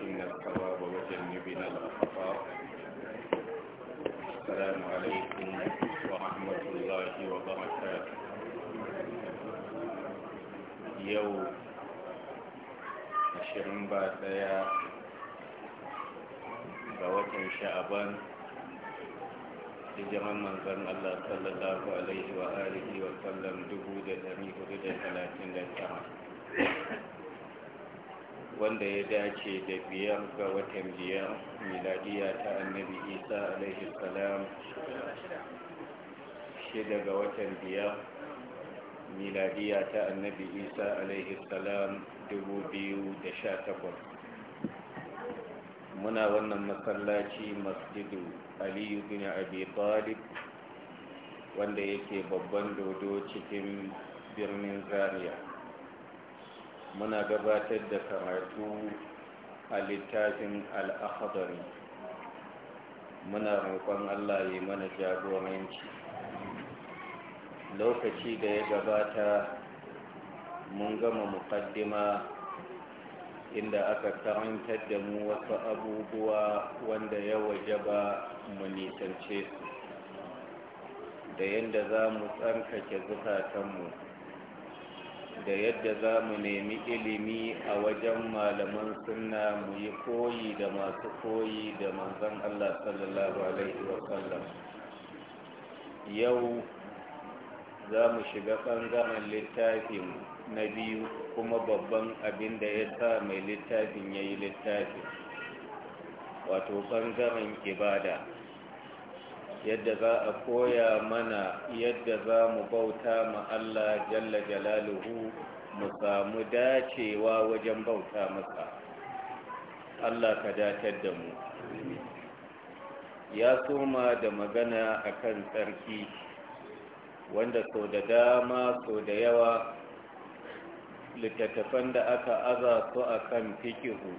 فينا الكباب وجنبنا الأخطاء السلام عليكم ورحمة الله وبركاته يوم عشرين بعد يا بوت شعبان لجرى من ظن الله صلى الله عليه وآله وسلم دبود الأمير بدأ ثلاثين لسعة wanda ya dace da biyar ga watan biyar miladiya ta annabi isa alaihi salam shida ga watan biyar miladiya ta annabi isa alaihi salam takwas. muna wannan masallaci masjidu aliyu bin abi talib wanda yake babban dodo cikin birnin zaria muna gabatar da karatu a littafin al'akadari muna roƙon allah yi mana jagoranci lokaci da ya gabata mun gama mukaddima inda aka karantar da mu wasu abubuwa wanda ya wajaba mu nisance su da yadda za mu tsarkake zukatanmu da yadda za mu nemi ilimi a wajen malaman suna mu yi koyi da masu koyi da manzan Allah sallallahu alaihi wasallam yau za mu shiga ɓangaren littafin na biyu kuma babban abin da ya sa mai littafin ya yi littafin wato ɓangaren ibada yadda za a koya mana yadda za mu bauta ma Allah jalla jalaluhu mu samu dacewa wajen bauta masa Allah ka datar da mu ya soma da magana akan tsarki wanda so da dama so da yawa littattafan da aka aza su akan fikihu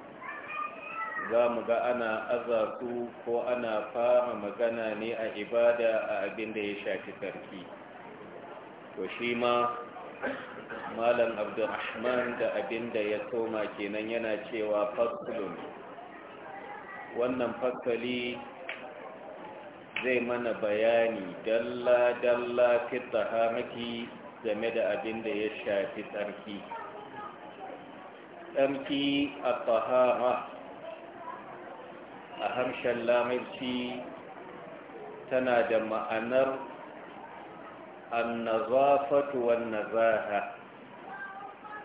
za mu ga ana aza ko ana fara magana ne a ibada a abin da ya shafi sarki to shi ma malam abdurrahman da abin da ya soma kenan yana cewa fasulun wannan fasali zai mana bayani dalla-dalla fita haraki, game da abin da ya shafi tsarki tsarki a fahara a harshen lamarci tana da ma'anar annazafatu wan nazaha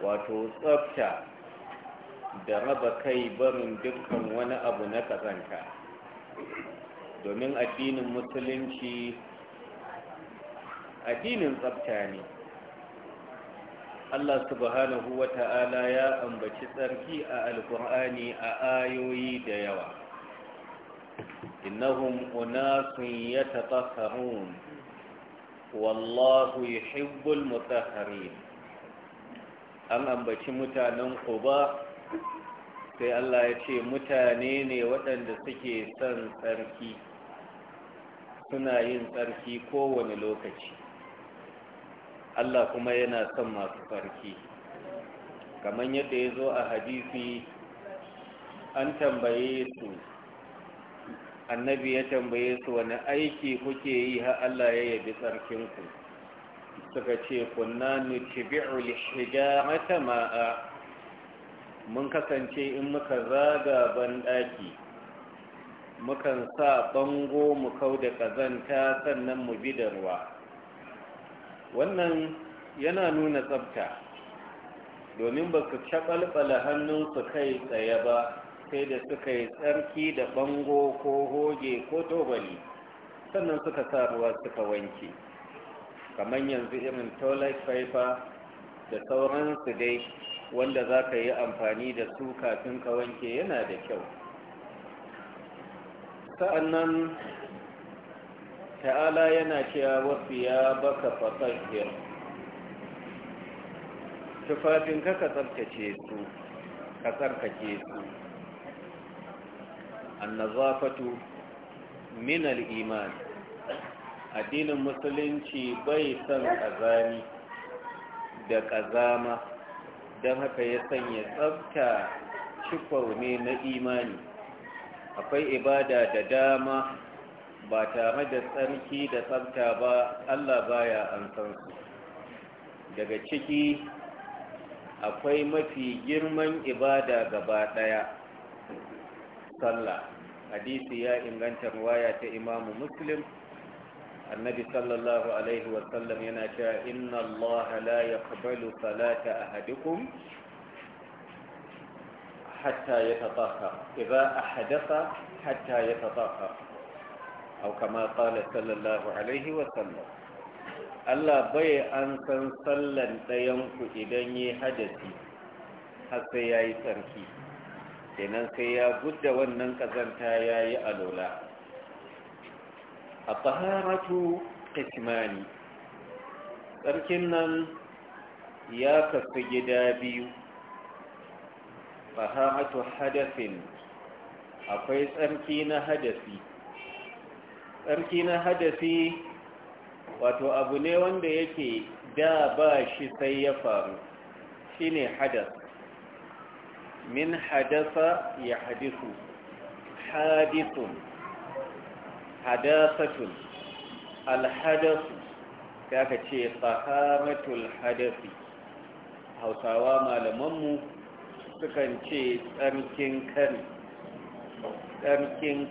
wato tsafta da raba kai barin dukkan wani abu na kazanta domin addinin musulunci addinin tsafta ne Allah subhanahu wa ta'ala ya ambaci tsarki a alkur'ani a ayoyi da yawa إنهم أناس يتطهرون والله يحب المطهرين an ambaci mutanen ƙuba sai Allah ya ce mutane ne waɗanda suke son tsarki suna yin tsarki kowane lokaci Allah kuma yana son masu tsarki kamar yadda ya zo a hadisi an tambaye su annabi ya tambaye su wani aiki kuke yi har Allah ya yabi ku? suka ce kunna nutibi'u lihijarata ma'a mun kasance in muka zaga banɗaki mukan sa bango mu kau da kazanta sannan mu bi da ruwa wannan yana nuna tsafta domin ba su caɓalɓala hannunsu kai tsaye ba sai da suka yi tsarki da bango ko hoge ko tobali sannan suka sa ruwa suka wanke kamar yanzu irin toilet paper da sauransu dai wanda za ka yi amfani da su kafin ka wanke yana da kyau sa'annan ta'ala yana cewa wasu ya baka fasahiyar tufafin ka ka tsarkake su annazafatu min al-iman addinin musulunci bai son kazani da kazama don haka ya sanya tsafta cikwa ne na imani akwai ibada da dama ba tare da tsarki da tsafta ba Allah baya an san su daga ciki akwai mafi girman ibada gaba ɗaya sallah hadisi ya inganta ruwaya ta imamu muslim annabi sallallahu alaihi wasallam yana cewa inna allaha la yaqbalu salata ahadikum hatta yatatahhar idza ahdatha hatta yatatahhar aw kama qala sallallahu alaihi wasallam Allah bai an san sallan ku idan yi hadasi har sai ya tsarki kenan sai ya gudda wannan kazanta ya yi alola a taharatu kismani tsarkin nan ya kasu gida biyu taharatu hadafin akwai tsarki na hadafi tsarki na hadafi wato abu ne wanda yake da ba shi sai ya faru shine hadas min hadasa ya hadisu hadisun hadasatun alhadasu ya ka ce sahamatul hadasi hausawa malamanmu sukan ce tsarkin kari tsarkin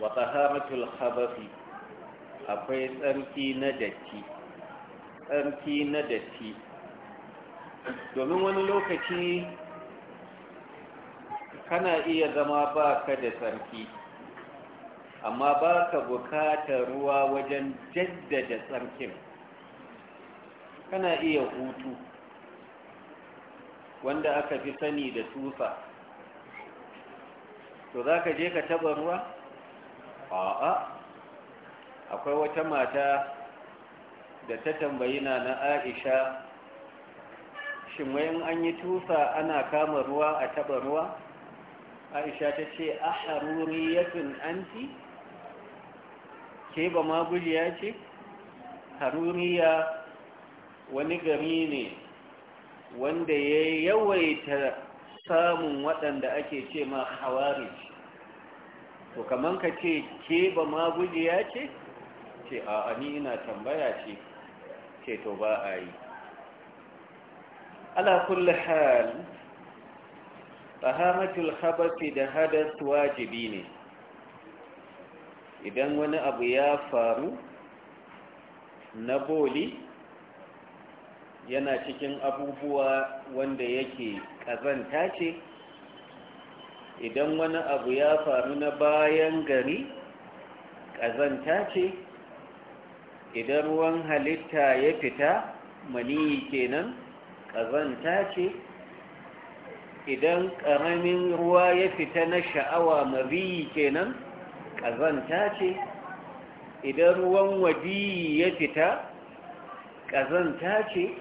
wa sahamatul habasi akwai tsarki na na datti domin wani lokaci kana iya zama ba ka da tsarki amma ba ka bukatar ruwa wajen jaddada tsarkin kana iya hutu wanda aka fi sani da tufa to za ka je ka taba ruwa? a'a akwai wata mata da ta tambayi na na aisha shin in an yi tufa ana kama ruwa a taba ruwa aisha ta ce a haruri ya an anti ke ba ma ya ce haruriya wani gari ne wanda ya yawaita samun waɗanda ake ce ma hawari to kaman ka ce ke ba ma ya ce ce a ni ina tambaya ce ce to ba a yi ala kulli hal fahamatul khabasi da hadas wajibi ne idan wani abu ya faru na boli yana cikin abubuwa wanda yake kazanta ce idan wani abu ya faru na bayan gari kazanta ce idan ruwan halitta ya fita maniyi kenan ƙazanta ce idan ƙaramin ruwa ya fita na sha'awa mabiyi kenan ƙazanta ce idan ruwan wadiyi ya fita ƙazanta ce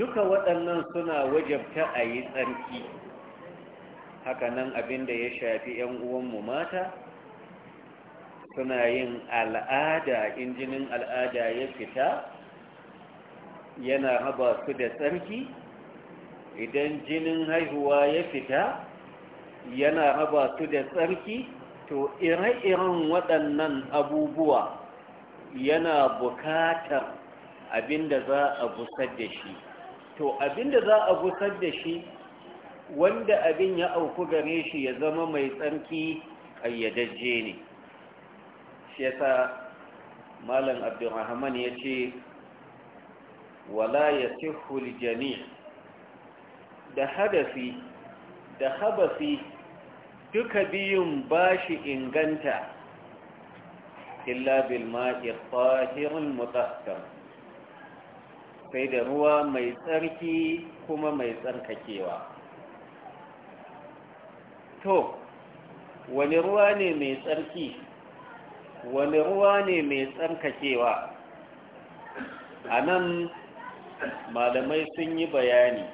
duka waɗannan suna wajabta a yi tsarki hakanan abin da ya shafi 'yan uwanmu mata suna yin al'ada injinin al'ada ya fita yana raba su da tsarki idan jinin haihuwa ya fita yana raba su da tsarki to ire-iren waɗannan abubuwa yana bukatar abinda za a busar da shi to abinda za a busar da shi wanda abin ya auku gare shi ya zama mai tsarki ƙayyadajje ne shi ya sa malam abdulrahman ya ce wala ya sihul jami da hadafi da habafi duka biyun ba shi inganta illa ma'i tsahirin mutaskar sai da ruwa mai tsarki kuma mai tsarkakewa to wani ruwa ne mai tsarki wani ruwa ne mai tsarkakewa a nan malamai sun yi bayani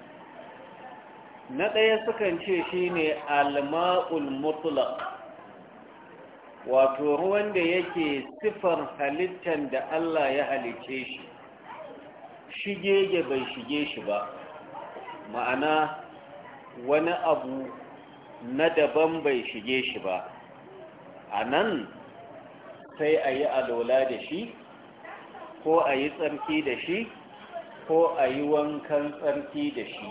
na ɗaya sukan ce shi shine alma'ul mutula wato ruwan da yake sifar halittar da Allah ya halice shi shige ya bai shige shi ba ma'ana wani abu na daban bai shige shi ba a nan sai a yi alola da shi ko a yi tsarki da shi ko a yi wankan tsarki da shi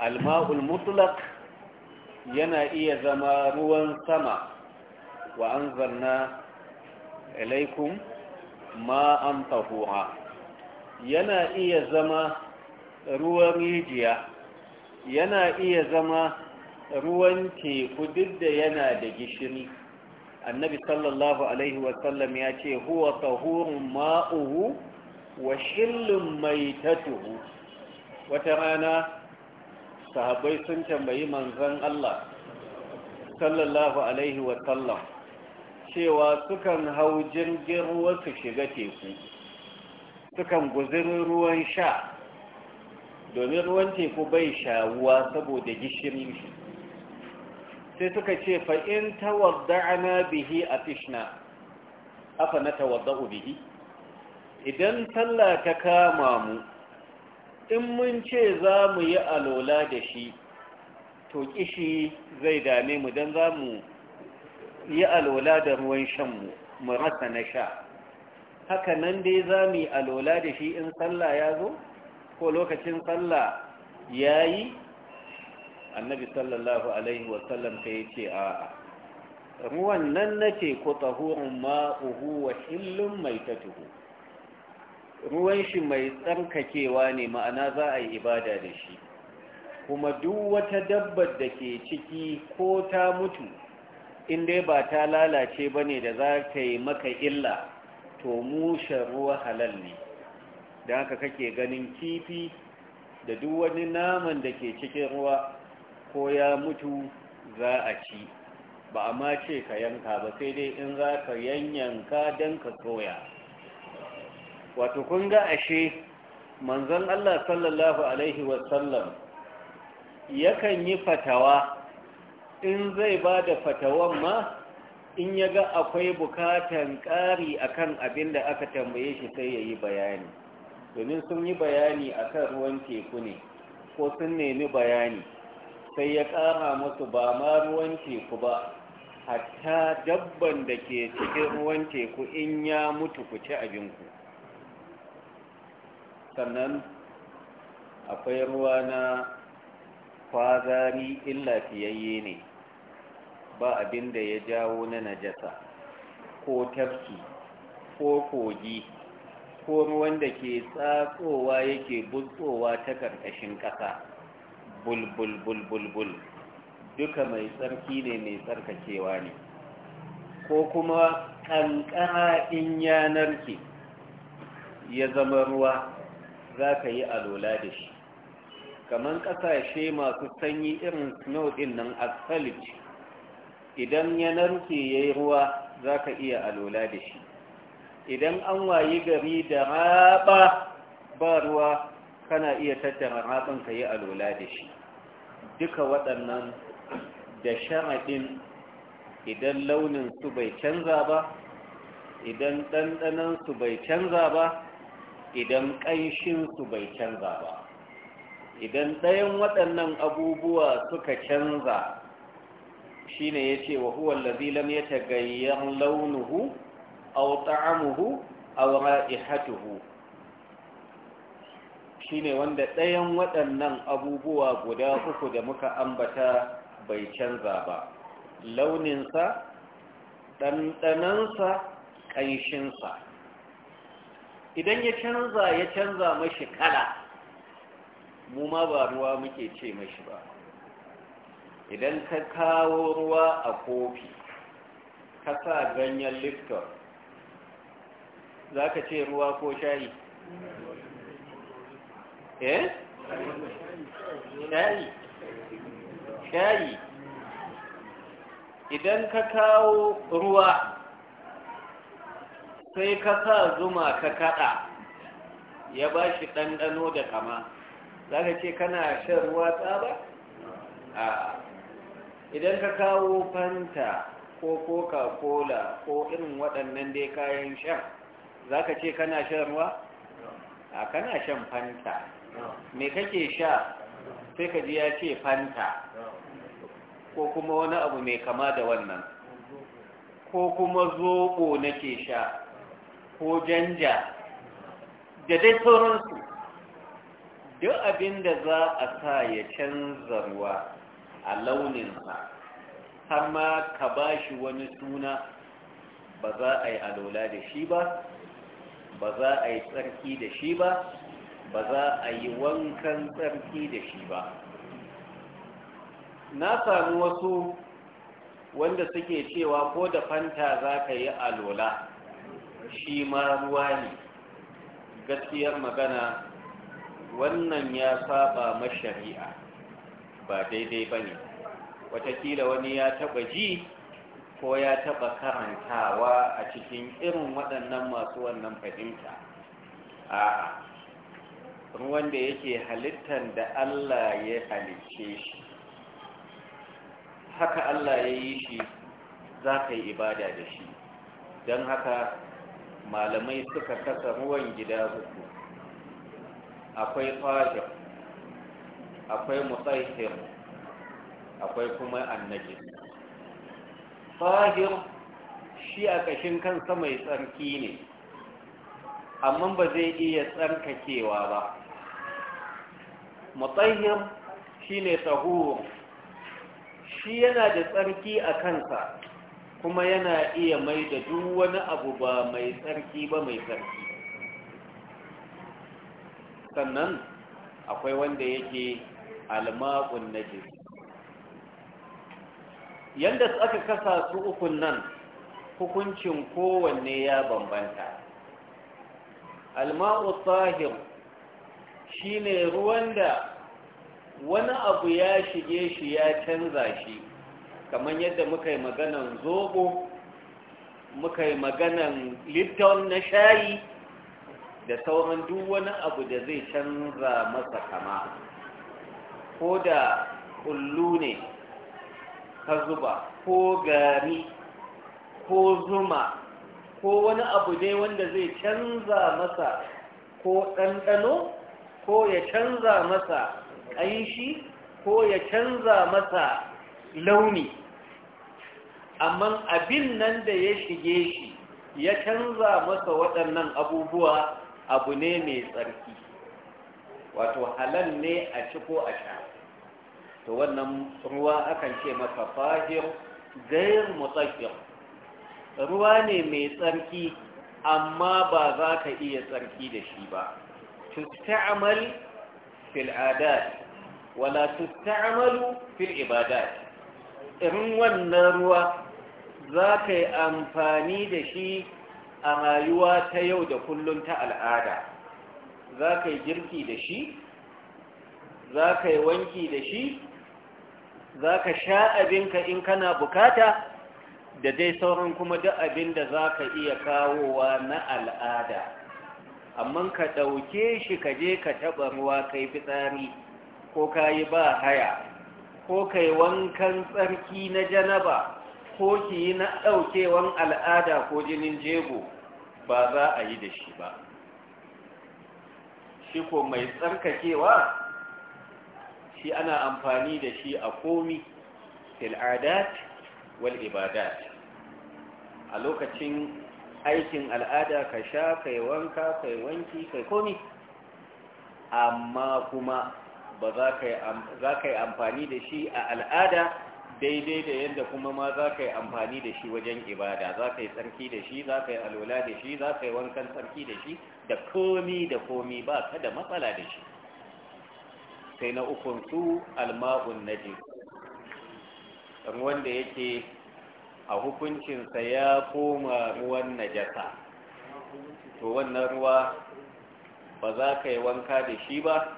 alma'ul mutlak yana iya zama ruwan sama wa an zarna alaikum ma'an tahuwa yana iya zama ruwan rijiya yana iya zama ruwan teku duk da yana da gishiri annabi sallallahu alaihi wasallam ya ce huwa tahurun ma'uhu wa shillun mai tatuhu wata rana sahabbai sun tambayi manzan Allah sallallahu alaihi sallam, cewa sukan hau jirgin ruwa su shiga teku sukan guzirin ruwan sha domin ruwan teku bai shawuwa saboda gishirin shi sai suka ce fa'in ana bihi a fishna afa na tawadda'u bihi idan sallah ta kama mu in mun ce za mu yi alola da shi to kishi zai dame mu don za mu yi alola da ruwan shan mu mu rasa na sha haka nan dai za mu yi alola da shi in sallah ya zo ko lokacin sallah ya yi annabi sallallahu alaihi wasallam ta yi ce a ruwan nan na ce ko tsahurin ma'uhu wa shillin mai ta ruwan shi mai tsarkakewa ne ma'ana za a yi ibada da shi kuma duk wata dabbar da ke ciki ko ta mutu in dai ba ta lalace ba ne da za ta yi maka illa to mushen ruwa halal ne da haka kake ganin kifi da duk wani naman da ke cikin ruwa ko ya mutu za a ci ba a ma ce ka yanka ba sai dai in za ka yanyanka don ka soya wato kun ga ashe manzon Allah sallallahu alaihi wasallam yakan yi fatawa in zai ba da fatawan ma in ya ga akwai bukatan ƙari akan abin da aka tambaye shi sai ya yi bayani domin sun yi bayani akan ruwan teku ne ko sun nemi bayani sai ya ƙara musu ba ma ruwan teku ba hatta dabban da ke cikin ruwan teku in ya mutu ku ci abinku sannan akwai ruwa na kwazari in lafiyayye ne ba abin da ya jawo na najasa ko tafki ko kogi ko ruwan da ke tsatsowa yake bultsowa ta ƙarƙashin ƙasa bulbulbulbulbul duka mai tsarki ne mai tsarkakewa ne ko kuma ƙanƙara in yanar ke ya zama ruwa za ka yi alola da shi kamar ƙasashe masu sanyi irin snow ɗin nan asfalit idan ya narke ya yi ruwa za ka iya alola da shi idan an wayi gari da raba ba ruwa kana iya tattara raɓin ka yi alola da shi duka waɗannan da sharaɗin idan launin su bai canza ba idan ɗanɗanansu bai canza ba idan ƙanshinsu bai canza ba idan ɗayan waɗannan abubuwa suka canza shi ne ya ce wa huwa lazilam ya tagayyar launuhu a amuhu a wura ihatuhu shi ne wanda ɗayan waɗannan abubuwa guda uku da muka ambata bai canza ba launinsa ɗanɗanansa ƙanshinsa idan ya canza ya canza mashi kala mu ma ba ruwa muke ce mashi ba idan ka kawo ruwa a kofi ka sa ganyen lifton za ka ce ruwa ko shayi eh shayi shayi idan ka kawo ruwa sai ka sa zuma ka kada ya ba shi ɗanɗano da kama za ka ce kana shan ruwa tsaba? a idan ka kawo fanta ko coca-cola ko irin waɗannan dai kayan shan za ka ce kana shan ruwa? a kana shan fanta me kake sha sai ka ji ya ce fanta ko kuma wani abu mai kama da wannan ko kuma zobo nake sha ko janja da dai sauransu duk abin da za a sa ya canza ruwa a launinsa har ma ka ba shi wani suna ba za a yi alola da shi ba ba za a yi tsarki da shi ba ba za a yi wankan tsarki da shi ba na samu wasu wanda suke cewa ko da fanta za ka yi alola shi ma ruwa ne gaskiyar magana wannan ya saba mashari'a ba daidai ba ne watakila wani ya taba ji ko ya taba karantawa a cikin irin waɗannan masu wannan fahimta a ruwan da yake halittar da allah ya halicce shi haka allah ya yi shi za ka yi ibada da shi don haka malamai suka kasa ruwan gida uku akwai fajir akwai mutsahir akwai kuma annaji fajir shi a ƙashin kansa mai tsarki ne amma ba zai iya tsarkakewa ba mutsahir shi ne shi yana da tsarki a kansa kuma yana iya mai da duk wani abu ba mai tsarki ba mai tsarki sannan akwai wanda yake almakun najis yadda aka kasa su ukun nan hukuncin kowanne ya bambanta alma'u tahir shine ruwan da wani abu ya shige shi ya canza shi kamar yadda muka yi maganan zobo muka yi maganan lipton na shayi da sauran duk wani abu da zai canza masa kama ko da kullu ne ka zuba ko gari ko zuma ko wani abu ne wanda zai canza masa ko ɗanɗano ko ya canza masa ƙanshi ko ya canza masa launi amma abin nan da ya shige shi ya canza masa waɗannan abubuwa abu ne mai tsarki wato halal ne a ci ko a sha to wannan ruwa akan ce masa fahir gair mutsakir ruwa ne mai tsarki amma ba za ka iya tsarki da shi ba tusta'mal fil adad wala tusta'malu fil ibadat in wannan ruwa za ka yi amfani da shi a rayuwa ta yau da kullum ta al'ada za ka yi girki da shi za ka yi wanki da shi za ka sha abinka in kana bukata da dai sauran kuma duk abin da za ka iya kawowa na al'ada amma ka ɗauke shi ka je ka taɓa ruwa kai fitsari ko ka yi ba haya ko kai wankan tsarki na janaba ko ki yi na ɗaukewan al'ada ko jinin jego ba za a yi da shi ba shi ko mai tsarkakewa shi ana amfani da shi a komi fil'adat wal ibadat a lokacin aikin al'ada ka sha kai wanka kai wanki kai komi amma kuma ba za ka yi amfani da shi a al'ada daidai da yadda kuma ma za ka yi amfani da shi wajen ibada za ka yi tsarki da shi za ka yi alwala da shi za ka yi wankan tsarki da shi da komi da komi ba ka da matsala da shi sai na ukunsu alma'un naji wanda yake a hukuncinsa ya koma ruwan najasa to wannan ruwa ba za ka yi wanka da shi ba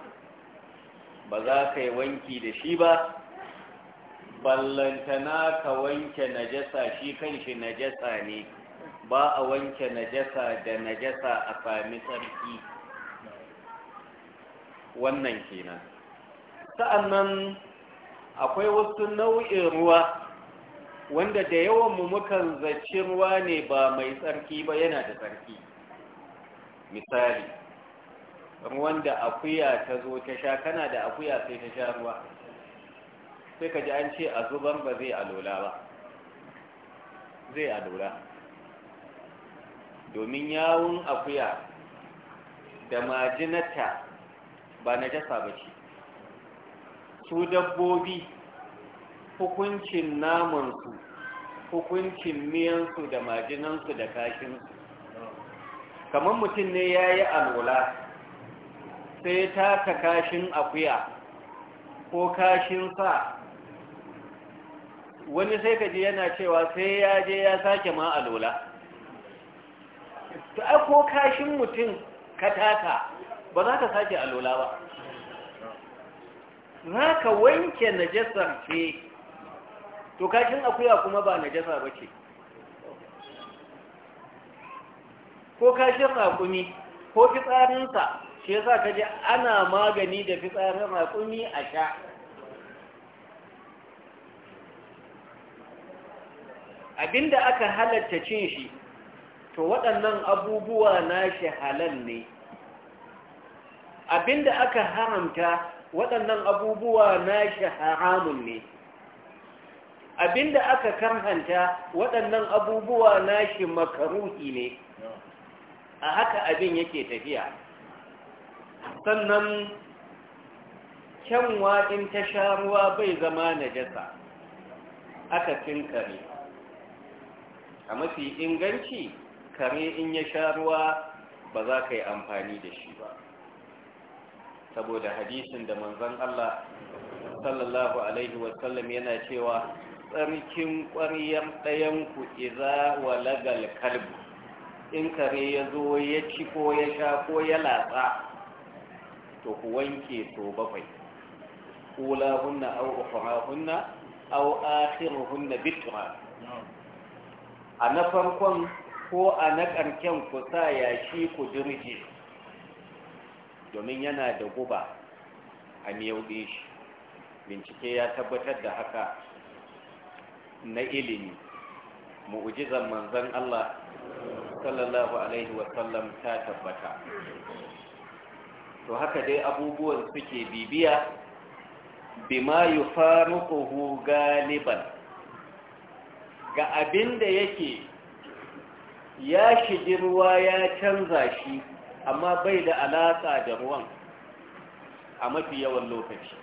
ba za ka yi wanki da shi ba ballantana ka wanke najasa shi shi najasa ne ba a wanke najasa da najasa a sami tsarki wannan kenan sa'annan akwai wasu nau'in ruwa wanda da yawan mu mukan zaci ruwa ne ba mai tsarki ba yana da tsarki misali ruwan da akuya ta zo ta sha kana da akuya sai ta sha ruwa sai ka ji an ce a zuban ba zai alola ba zai alola domin yawun akuya da majinata ba na jasa ba ce su dabbobi hukuncin namunsu, hukuncin miyansu da majinansu da kashinsu kamar mutum ne ya yi alola sai ya taka kashin akuya ko kashin sa wani sai ka ji yana cewa sai ya je ya sake ma alola ta ko kashin mutum ka taka ba za ka sake alola ba za ka wanke najasar ce to kashin akuya kuma ba najasa ba ce ko kashin rakumi ko fitsarinsa shi yasa ka ji ana magani da fitsarin raƙumi a sha abinda aka halatta cin shi to waɗannan abubuwa na shi halal ne abinda aka haramta waɗannan abubuwa na shi haramun ne abinda aka karhanta waɗannan abubuwa na shi makaruhi ne a haka abin yake tafiya sannan kyanwa in ta sha ruwa bai zama na jasa, aka cin kare a mafi inganci kare in ya sha ruwa ba za ka yi amfani da shi ba saboda hadisin da manzan Allah sallallahu alaihi wasallam yana cewa tsarkin ƙwariyar ɗayanku iza lagal kalbu in kare ya zo ya ci ko ya sha ko ya latsa to ku wanke to bakwai أولاهن bitura, a na farkon ko a na هو ku sa yashi ku كجرجي domin yana da guba a miyauɗe shi bincike ya tabbatar da haka na ilimi mu'ujizan manzon Allah sallallahu alaihi wasallam ta tabbata to haka dai abubuwan suke bibiya bima yufaruquhu galiban ga abin yake ya shigi ruwa ya canza shi amma bai da alaƙa da ruwan a mafi yawan lokaci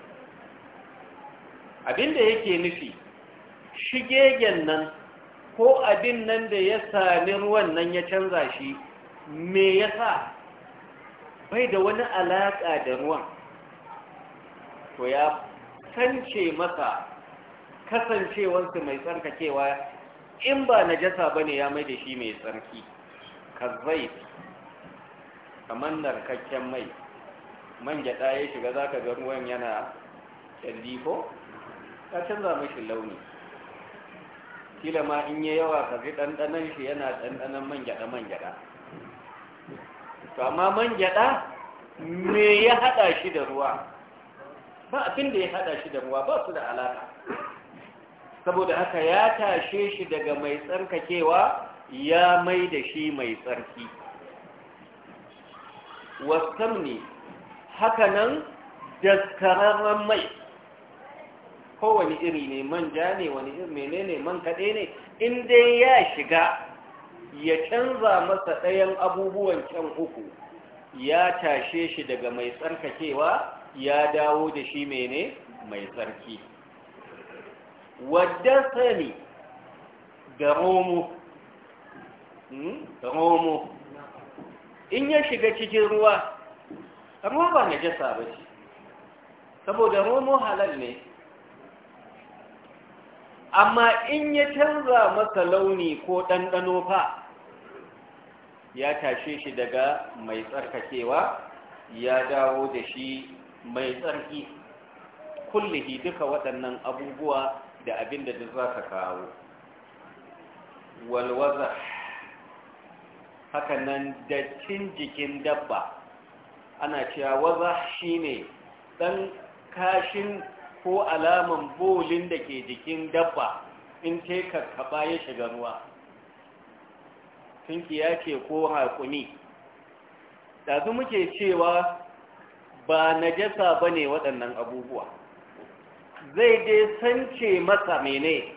Abinda yake nufi shigegen nan ko abin nan da ya sami ruwan nan ya canza shi me ya sa? bai da wani alaƙa da ruwan to ya kance masa kasancewarsa mai tsarkakewa in ba na jasa ba ne ya mai da shi mai tsarki Ka zai kamar narkakken mai man gyaɗa ya shiga za ka ga ruwan yana ƙyalli ko ta canza mashi launi kila ma in yi yawa ka ji ɗanɗanan shi yana ɗanɗanan man gyaɗa man gyaɗa to amma man gyada me ya hada shi da ruwa ba abin da ya hada shi da ruwa ba su da alaka saboda haka ya tashe shi daga mai tsarkakewa ya mai da shi mai tsarki Wasan ne hakanan daskararren mai kowane iri ne manja ne wani iri menene man kaɗe ne in dai ya shiga ya canza masa ɗayan abubuwan can uku ya tashe shi daga mai tsarkakewa ya dawo da shi mene mai tsarki wadda sani da romo hmm? romo in ya shiga cikin ruwa amma ba na jasa ba ce saboda romo halal ne amma in ya canza masa launi ko ɗanɗano fa ya tashe shi daga mai tsarkakewa ya dawo da shi mai tsarki kullihi duka waɗannan abubuwa da abin da duk za ka kawo walwaza nan dattin jikin dabba ana cewa waza shine ɗan kashin ko alaman bolin da ke jikin dabba in ta kaɓa ya shiga ruwa tunki ya ce ko haƙumi dazu muke cewa ba na jasa ba ne waɗannan abubuwa zai dai sance masa mene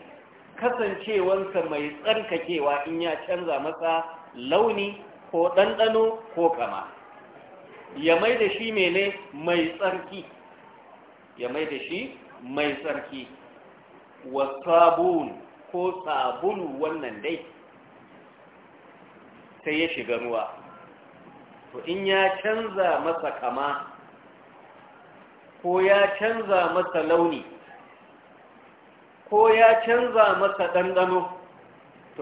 kasancewansa mai tsarkakewa in ya canza masa launi ko ɗanɗano ko kama ya mai da shi mene mai tsarki ya mai da shi mai tsarki wa sabun ko sabulu wannan dai sai ya shiga ruwa to in ya canza masa kama ko ya canza masa launi ko ya canza masa ɗanɗano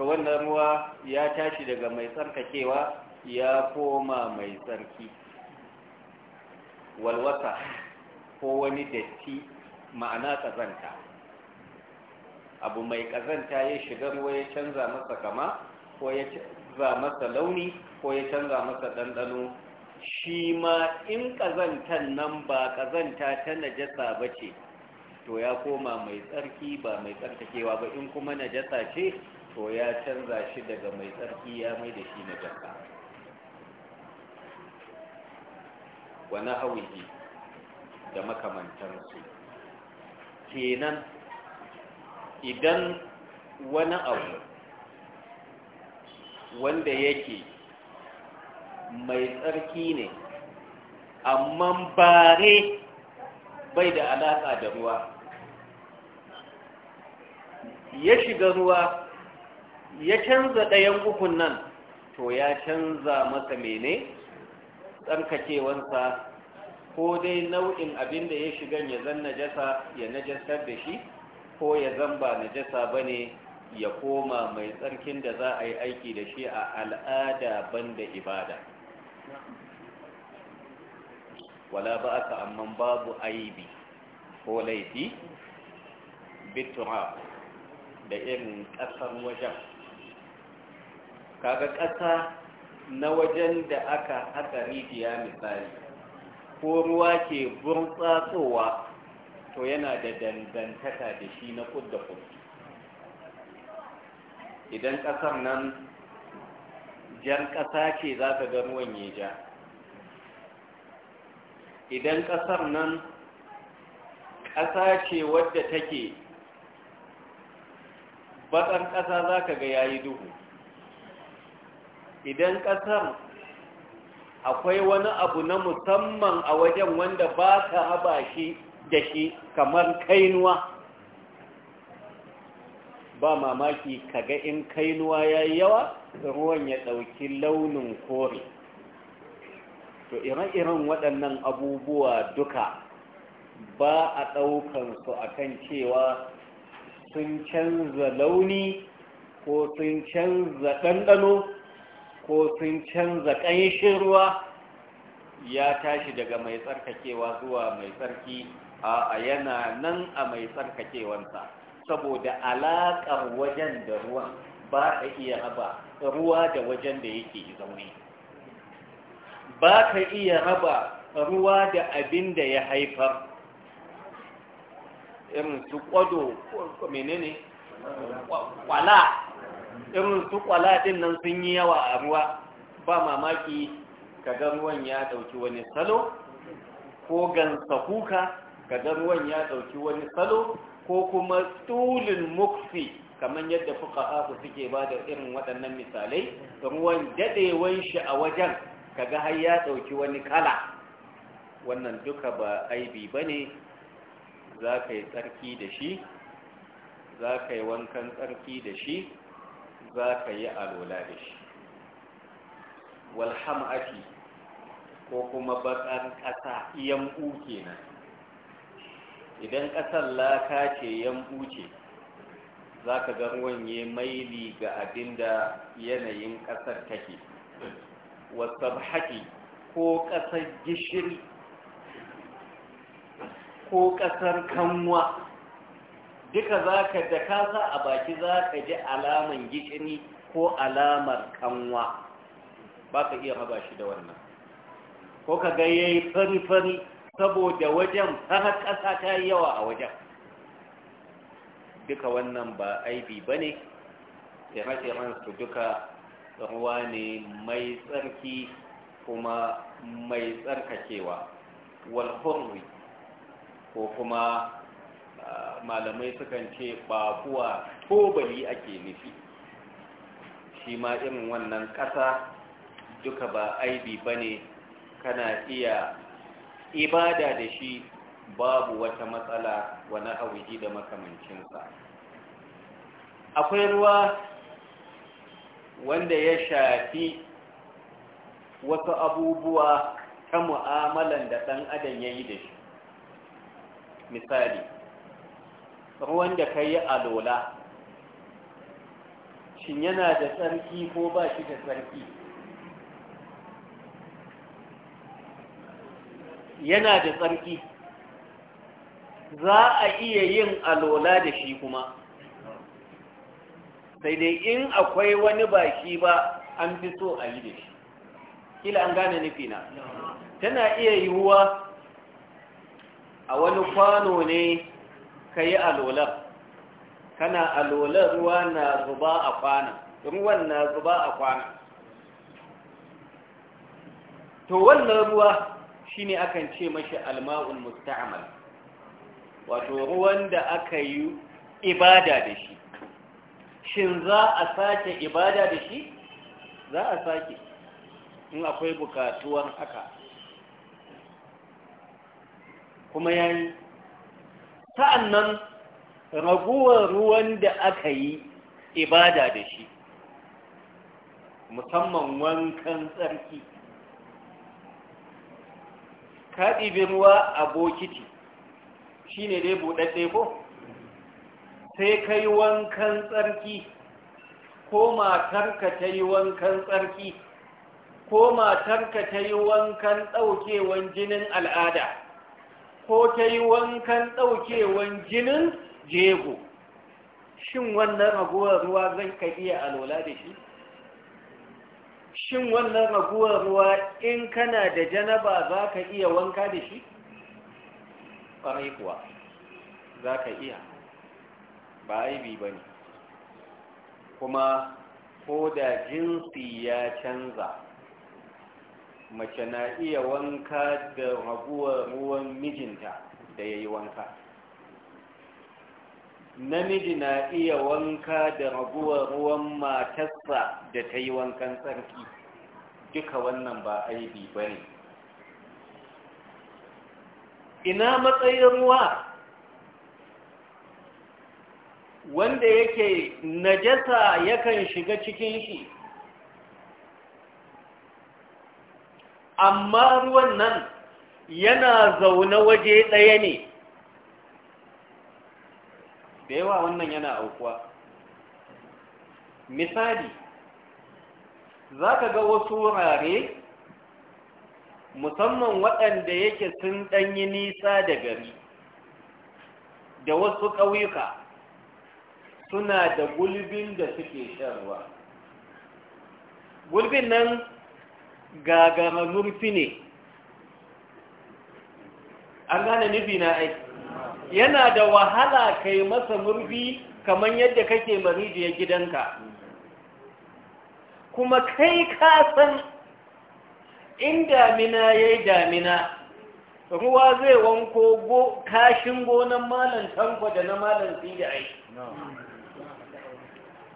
to wannan ruwa ya tashi daga mai tsarkakewa ya koma mai tsarki walwata ko wani datti ma'ana ƙazanta abu mai ƙazanta ya shiga ruwa ya canza masa kama ko ya canza masa launi ko ya canza masa ɗanɗano shi ma in ƙazantan nan ba ƙazanta ta najasa ba ce to ya koma mai tsarki ba mai tsarkakewa ba in kuma najasa ce to ya canza shi daga mai tsarki ya mai da shi najasa wa nahawihi da makamantansu kenan idan wani abu wanda yake mai tsarki ne amma bare bai da alaƙa da ruwa ya shiga ruwa ya canza ɗayan ukun nan to ya canza masa mene tsarkakewansa ko dai nau'in abin da ya shiga ya zan najasa ya najasar da shi ko ya zan ba najasa ba ne ya koma mai tsarkin da za a yi aiki da shi a al'ada banda ibada wala ba aka amman babu aibi ko laifi bitura da irin ƙasar wajen kaga ƙasa na wajen da aka haka rijiya misali ko ruwa ke burtsatsowa to yana da dandantaka da shi na kudda kudu idan ƙasar nan jan ƙasa ce za ka ga ruwan ya ja idan ƙasar nan ƙasa ce wadda take baƙar ƙasa za ka ga ya yi duhu idan ƙasar akwai wani abu na musamman a wajen wanda ba ka haba shi da shi kamar kainuwa ba mamaki kaga in kainuwa ya yi yawa ruwan ya ɗauki launin kore to ire-iren waɗannan abubuwa duka ba a ɗaukansu a kan cewa sun canza launi ko sun canza ɗanɗano ko sun canza ƙanshin ruwa ya tashi daga mai tsarkakewa zuwa mai tsarki a yana nan a mai tsarkakewansa saboda alaƙar wajen da ruwan ba ka iya raba ruwa da wajen da yake zaune ba ka iya raba ruwa da abin da ya haifar irin su kwado ne? kwala irin su kwala nan sun yi yawa a ruwa ba mamaki kaga ruwan ya dauki wani salo ko gansa kuka kaga ruwan ya dauki wani salo ko kuma tulin mukfi kamar yadda fuka suke ba da irin waɗannan misalai ruwan dadewan shi a wajen kaga har ya ɗauki wani kala wannan duka ba aibi ba ne za ka yi tsarki da shi za ka yi wankan tsarki da shi za ka yi alola da shi walham'ati ko kuma bakar ƙasa yambu kenan idan ƙasar laka ce yambu ce za ka ga ruwan ya maili ga abin da yanayin ƙasar take wasabhaki ko ƙasar gishiri ko ƙasar kanwa duka za ka da kasa a baki za ka ji alaman gicini ko alamar kanwa ba ka iya haba shi da wannan ko ka ga yayi yi fari-fari saboda wajen har ƙasa ta yi yawa a wajen duka wannan ba aibi ba ne su duka ruwa ne mai tsarki kuma mai tsarkakewa walhurri ko kuma malamai sukan ce bakuwa tobali ake nufi shi ma irin wannan ƙasa duka ba aibi ba ne kana iya ibada da shi babu wata matsala wani hauji da makamancinsa akwai ruwa wanda ya shafi wasu abubuwa ta mu'amalan da ɗan adam ya yi da shi misali ruwan da ka yi alola shin yana da tsarki ko ba shi da tsarki yana da tsarki za a iya yin alola da shi kuma sai dai in akwai wani ba shi ba an fi so a yi da shi kila an gane nufina tana iya yiwuwa a wani kwano ne ka yi alolar kana alolar ruwa na zuba a kwana ruwan na zuba a kwana to wannan ruwa shine akan ce mashi alma'ul musta'mal wato ruwan da aka yi ibada da shi shin za a sake ibada da shi za a sake in akwai bukatuwan haka kuma yayi sa'annan raguwar ruwan da aka yi ibada da shi musamman wankan tsarki ka ɗibi ruwa a bokiti shi ne dai buɗaɗɗe ko sai ka yi wankan tsarki ko matarka ta yi wankan tsarki ko matarka ta yi wankan ɗaukewan jinin al'ada ko ta yi wankan ɗaukewan jinin jego shin wannan raguwar ruwa zan ka iya alola da shi shin wannan raguwar ruwa in kana da janaba za ka iya wanka da shi ƙwarai kuwa za ka iya ba aibi ba ne kuma ko da jinsi ya canza mace na iya wanka da raguwar ruwan mijinta da ya yi wanka namiji na iya wanka da raguwar ruwan matarsa da ta yi wankan tsarki duka wannan ba aibi ba ne ina matsayin ruwa wanda yake najasa yakan shiga cikin shi amma ruwan nan yana zaune waje ɗaya ne da yawa wannan yana aukuwa misali za ka ga wasu wurare musamman waɗanda yake sun ɗanyi nisa da gari da wasu ƙauyuka suna da gulbin da suke shan ruwa gulbin nan gagara murfi ne an gane nufi na aiki yana da wahala kai masa murfi kamar yadda kake marijiyar gidanka kuma kai ka san in damina ya yi damina ruwa zai wanko kashin gonan malan tanko da na malan siya ai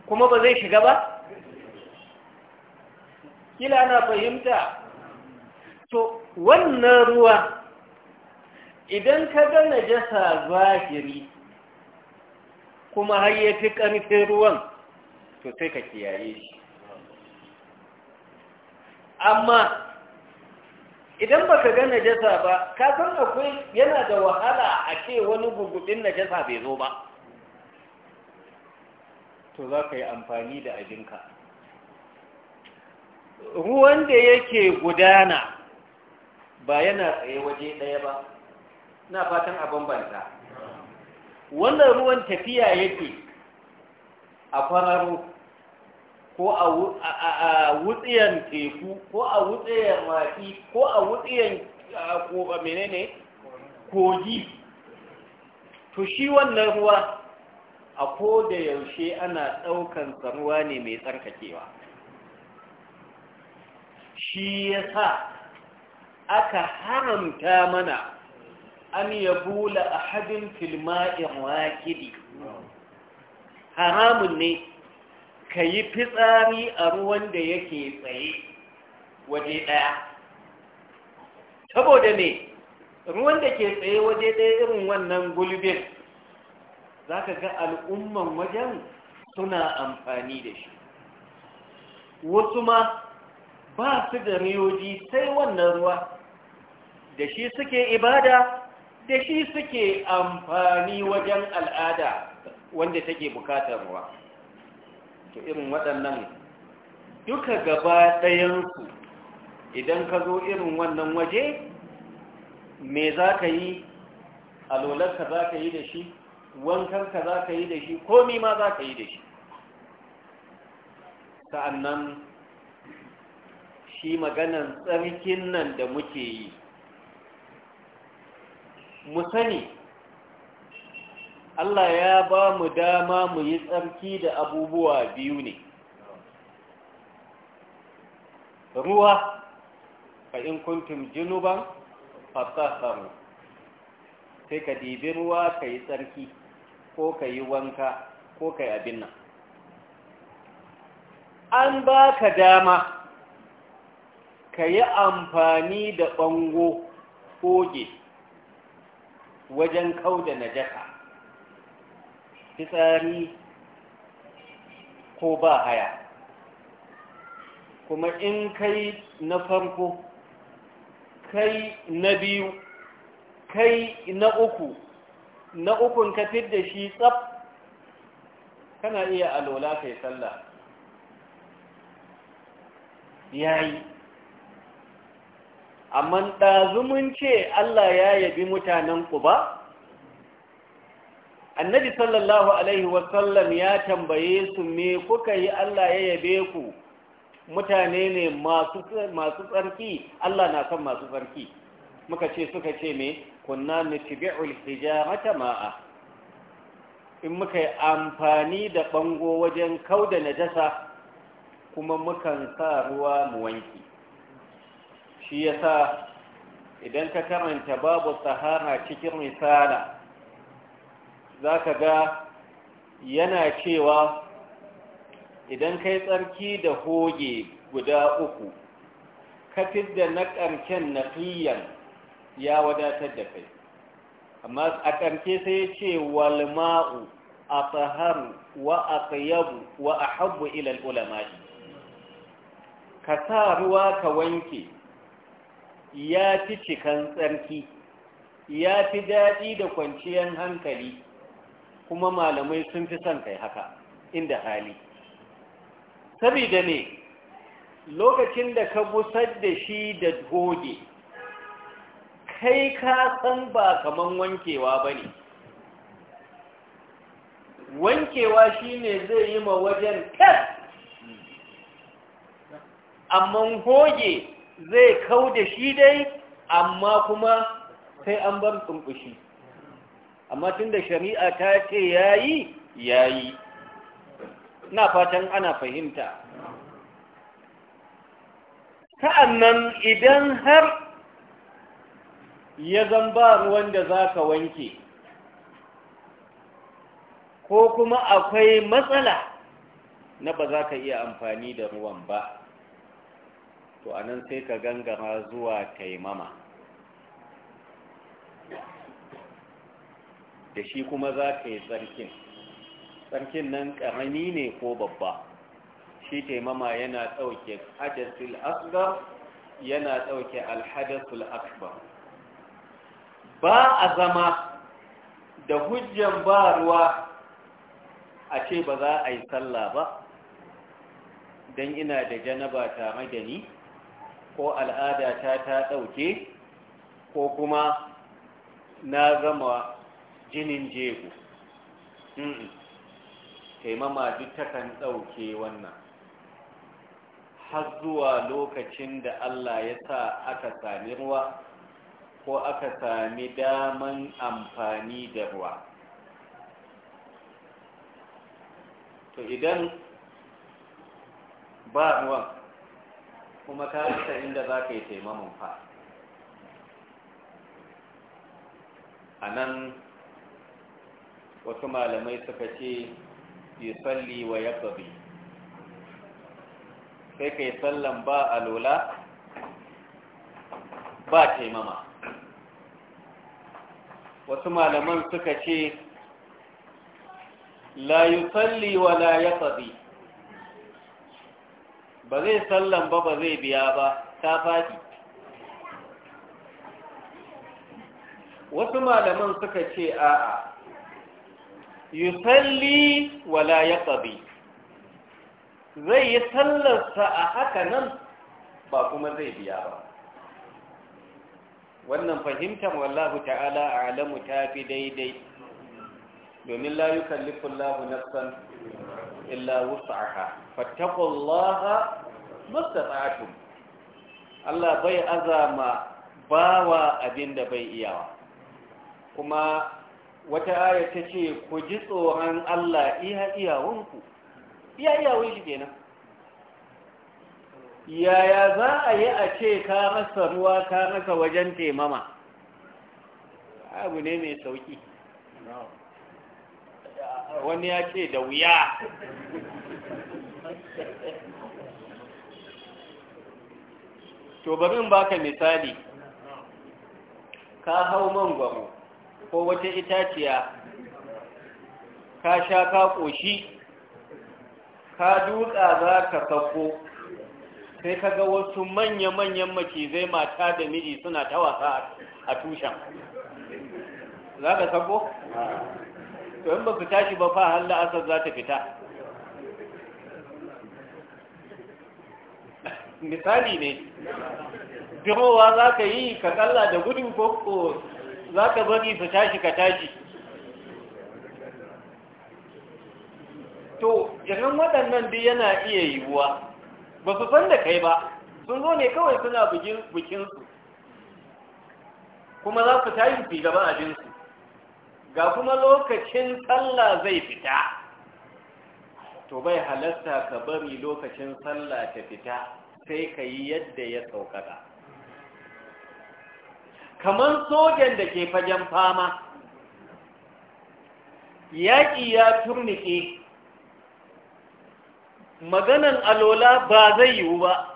kuma ba zai shiga ba? kila na fahimta to wannan ruwa idan ka ga najasa zahiri kuma har ya fi ƙarfin ruwan to sai ka kiyaye shi amma idan baka ga najasa ba ka san akwai yana da wahala a ce wani gugubin najasa bai zo ba to za ka yi amfani da abinka ruwan da yake gudana ba yana tsaye waje ɗaya ba na fatan a bambanta wannan ruwan tafiya yake a fararo ko a wutsiyan teku ko a wutsiyan mafi ko a wutsiyan ne? kogi to shi wannan ruwa a ko da yaushe ana ɗaukan ruwa ne mai tsarkakewa shi ya sa aka haramta mana an ya bula a filma'in wakili haramun ne ka yi fitsari a ruwan da yake tsaye waje ɗaya saboda ne ruwan da ke tsaye waje ɗaya irin wannan gulbin za ka ga al'umman wajen suna amfani da shi wasu ma ba su da riyoji sai wannan ruwa da shi suke ibada da shi suke amfani wajen al'ada wanda take bukatar ruwa to irin waɗannan duka gaba su idan ka zo irin wannan waje me za ka yi alolarka za ka yi da shi wankanka za ka yi da shi komi ma za ka yi da shi sa'annan shi maganan tsarkin nan da muke yi mu sani Allah ya ba mu dama mu yi tsarki da abubuwa biyu ne ruwa fa in kuntum junuban fasahamu sai ka dibi ruwa ka yi tsarki ko ka yi wanka ko ka yi abin nan an ba dama ka yi amfani da ɓango koge wajen kau da najasa fitsari ko ba haya kuma in kai na farko kai na biyu kai na uku na ukun ka da shi tsab kana iya alola kai sallah yi. amma ɗazumunce ce Allah ya yabi mutanen ba? annabi sallallahu alaihi wasallam ya tambaye su me kuka yi Allah ya yabe ku mutane ne masu tsarki Allah na son masu tsarki muka ce suka ce me kunna nutibi'ul hijamata ma'a in muka yi amfani da bango wajen kauda najasa kuma mukan sa ruwa mu wanki shi yasa idan ka karanta babu sahara cikin misala, za ka ga yana cewa idan kai tsarki da hoge guda uku ka da na ƙarken na ya wadatar da kai amma a ƙarke sai ya ce walma'u a tsaharu wa a tsayabu wa a Habu ilal ulama'i ka sa ruwa ka wanke ya fi cikan tsarki ya fi daɗi da kwanciyar hankali kuma malamai sun fi son kai haka inda hali saboda ne lokacin da ka busar da shi da goge kai ka san ba kaman wankewa ba ne wankewa shi ne zai yi ma wajen kas amma goge zai kau da shi dai amma kuma sai an bar tsunkushi amma tun da shari'a ta ce ya yi, ya yi. na fatan ana fahimta sa'annan idan har ya zamba ruwan da za ka wanke ko kuma akwai matsala na ba za ka iya amfani da ruwan ba to anan sai ka gangama zuwa taimama da shi kuma za ka yi tsarkin tsarkin nan ƙarami ne ko babba shi taimama yana ɗauke hadasul asgar yana ɗauke alhadasul akbar ba a zama da hujjan ba ruwa a ce ba za a yi sallah ba don ina da janaba tare da ni ko al'ada ta ta ɗauke ko kuma na gama jinin jego taimama duk takan ɗauke wannan har zuwa lokacin da Allah ya sa aka sami ruwa ko aka sami daman amfani da ruwa to idan ba ruwan kuma ka rasa inda za ka yi taimamin fa a nan wasu malamai suka ce yi salli wa ya sai ka yi sallan ba a alola ba taimama wasu malaman suka ce la yi salli wa la ya fabi ba zai sallan ba ba zai biya ba ta faɗi wasu malaman suka ce a'a yusalli wala ya ƙabi zai yi sallarsa a haka nan ba kuma zai biya ba wannan fahimtar wallahu ta'ala alamu ta fi daidai domin layukan yukallifu Allahu nafsan illa wus'aha laha. mastata'tum Allah bai azama bawa da bai iyawa kuma wata aya ta ce ku ji tsoron Allah iya iyawanku iya iyawun shi kenan yaya za a yi a ce ka rasa ruwa ka rasa wajen taimama abu ne mai sauki wani ya ce da wuya to bari in baka misali ka hau mangwaro ko wata itaciya ka sha ka ƙoshi ka dutsa za ka sako sai ka ga wasu manya-manyan macizai mata da miji suna ta wasa a tushen za ka sako? to in ba ku tashi ba fa halla asar za ta fita misali ne jirowa za ka yi ka kalla da gudun koko za ka bari su tashi ka tashi to irin waɗannan duk yana iya yiwuwa ba su san da kai ba sun zo ne kawai suna bukinsu kuma za su tashi fi gaban abinsu ga kuma lokacin tsalla zai fita to bai halasta ka bari lokacin sallah ta fita sai ka yi yadda ya saukaka kamar sojan da ke fagen fama yaƙi ya turnike maganan alola ba zai yiwu ba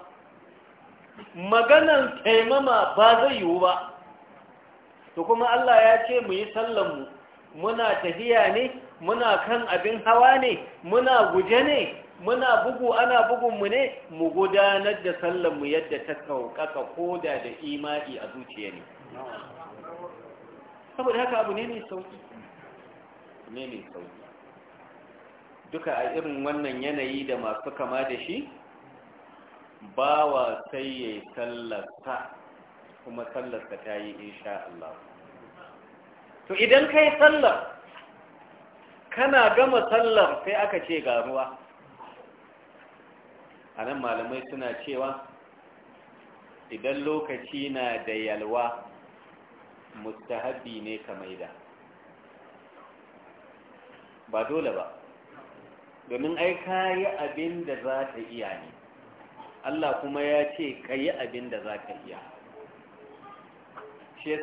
maganan taimama ba zai yiwu ba to kuma Allah ya ce mu yi sallanmu muna tafiya ne muna kan abin hawa ne muna guje ne muna bugu ana bugunmu ne mu gudanar da sallanmu yadda ta saukaka koda da imani a zuciya ne saboda haka abu ne mai sauki ne mai sauki duka a irin wannan yanayi da masu kama da shi bawa sai ya yi sallarsa kuma sallarsa ta yi insha Allah to idan kai sallar kana gama sallar sai aka ce ga ruwa a nan malamai suna cewa idan lokaci na da yalwa mustahabi ne ka da ba dole ba domin ai ka yi abin da za ta iya ne Allah kuma ya ce ka yi abin da za ka iya shi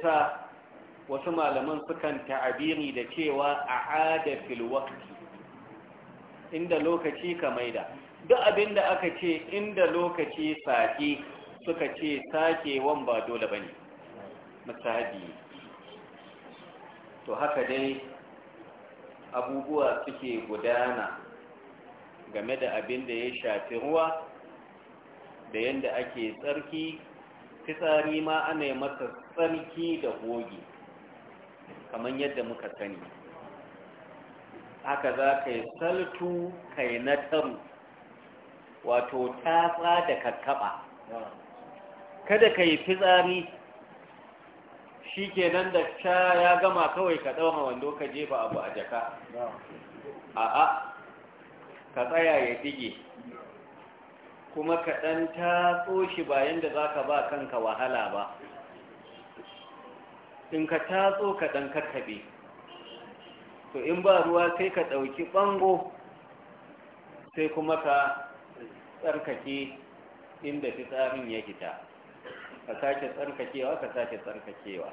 wasu malaman sukan ta'abiri da cewa a hada fil inda lokaci ka maida duk abin da aka ce inda lokaci sake suka ce sake wan ba dole bane musahabi to haka dai abubuwa suke gudana game da abin da ya shafi ruwa da yadda ake tsarki fitsari ma ana masa tsarki da goge kamar yadda muka sani haka za ka yi saltu kai na taru wato tatsa da kakkaɓa kada ka yi fitsari shi kenan da sha ya gama kawai ka ɗaura wando ka jefa abu a jaka a'a ka tsaya ya ɗige kuma ka ɗan tatso shi bayan da za ka ba kanka wahala ba in ka tatso ka ɗan to in ba ruwa sai ka ɗauki ɓango sai kuma ka tsarkake inda fitsarin ya fita ka sake tsarkakewa ka sake tsarkakewa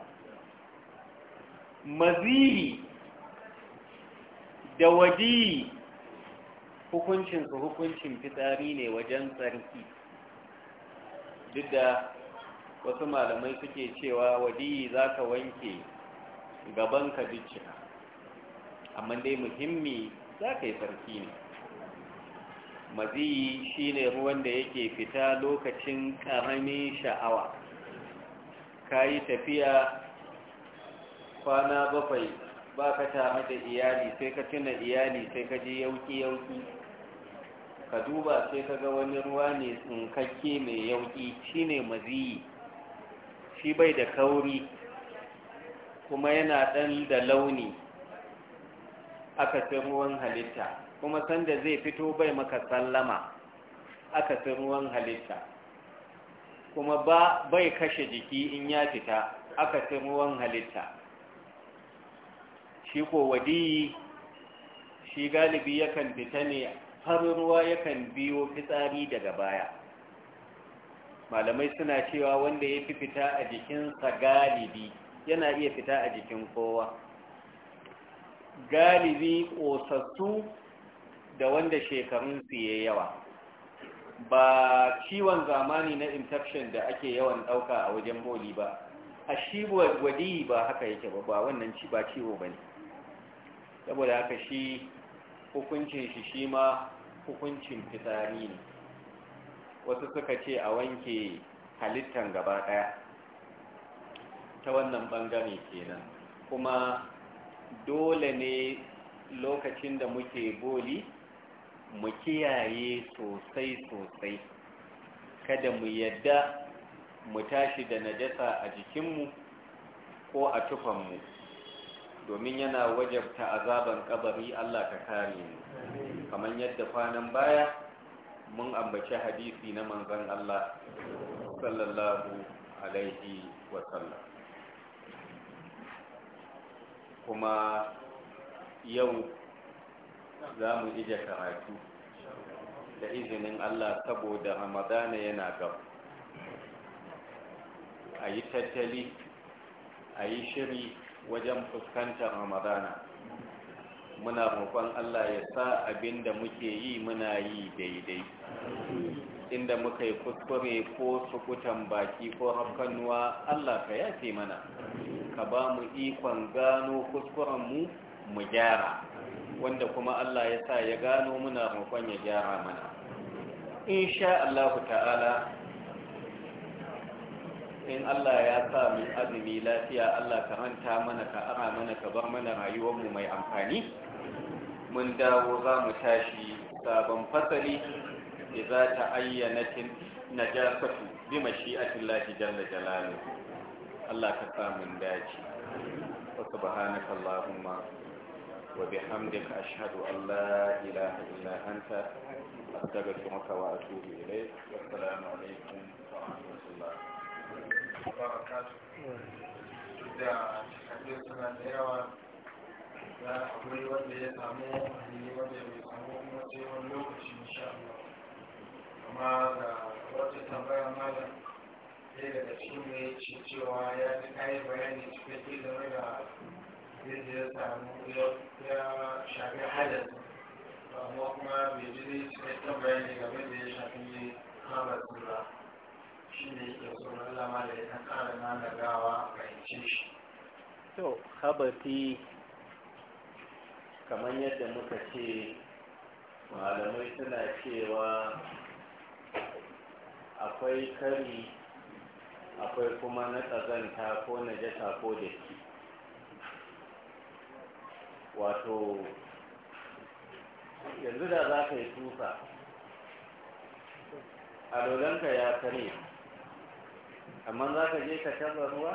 mazihi da waje hukuncinsu hukuncin fitsari ne wajen tsarki duk da wasu malamai suke cewa wadiyi za ka wanke gaban ka bincika amma dai muhimmi za ka yi sarki ne maziyi ne ruwan da yake fita lokacin ƙaramin sha'awa ka yi tafiya kwana bakwai ba ka tare da iyali sai ka tuna iyali sai ka ji yauki-yauki ka duba sai ka ga wani ruwa ne tsinkakke mai yauki shine maziyi shi bai da kauri kuma yana ɗan da launi akasin ruwan halitta kuma sanda zai fito bai maka sallama akasin ruwan halitta kuma ba bai kashe jiki in ya fita akasin ruwan halitta shi ko wadiyi shi galibi yakan fita ne har ruwa yakan biyo fitsari daga baya malamai suna cewa wanda ya fi fita a jikinsa galibi yana iya fita a jikin kowa galibi ƙosassu da wanda shekarunsu ya yawa ba ciwon zamani na infection da ake yawan ɗauka a wajen boli ba a shi wadi ba haka yake ba ba wannan ci ba ciwo ba ne saboda haka shi hukuncin shi shi ma hukuncin fitari ne wasu suka ce a wanke halittar gaba ɗaya ta wannan ɓangare kenan kuma dole ne lokacin da muke boli mu kiyaye sosai sosai kada mu yadda mu tashi da najasa a jikinmu ko a tufanmu domin yana wajabta azaban kabari Allah ka kare mu kamar yadda kwanan baya mun ambaci hadisi na manzon Allah sallallahu alaihi wasallam kuma yau za mu ije karatu da izinin Allah saboda Ramadana yana gab a yi tattali a yi shiri wajen fuskantar Ramadana muna roƙon Allah ya sa abin da muke yi muna yi daidai inda muka yi kuskure ko sukutan baki ko hafkanuwa Allah ka yafe mana ka ba mu ikon gano kuskurenmu mu gyara wanda kuma Allah ya sa ya gano muna roƙon ya gyara mana insha Allah ta'ala in Allah ya sa mu azumi lafiya Allah ka ranta mana ka ara mana ka bar mana rayuwarmu mai amfani mun dawo za mu tashi sabon fasali da za ta ayyana najasatu bi mashi'atin lahi da jalalu Allah ka samun dace wa subhanaka allahumma wa bihamdika ashhadu an la ilaha illa anta astaghfiruka wa atubu ilayk assalamu alaikum wa rahmatullahi wa barakatuh da hadisi na yawa ya akwai wanda ya samu wani wanda bai samu kuma sai wani lokaci insha Allah amma ga wata tambaya malam sai daga cikin da ya ce cewa ya ji kayan bayani cikakke game da yadda ya samu ya shafi halar amma kuma bai ji ne cikakken bayani game da ya shafi halar ba shi ne yake tsoron lama da ya kan kara na nagawa fahimce shi to habati kamar yadda muka ce malamai suna cewa akwai kari akwai kuma na tsazanta ko na jasa ko da ke wato yanzu da za ka yi tufa alolanka ya kare amma za ka je ka canza ruwa?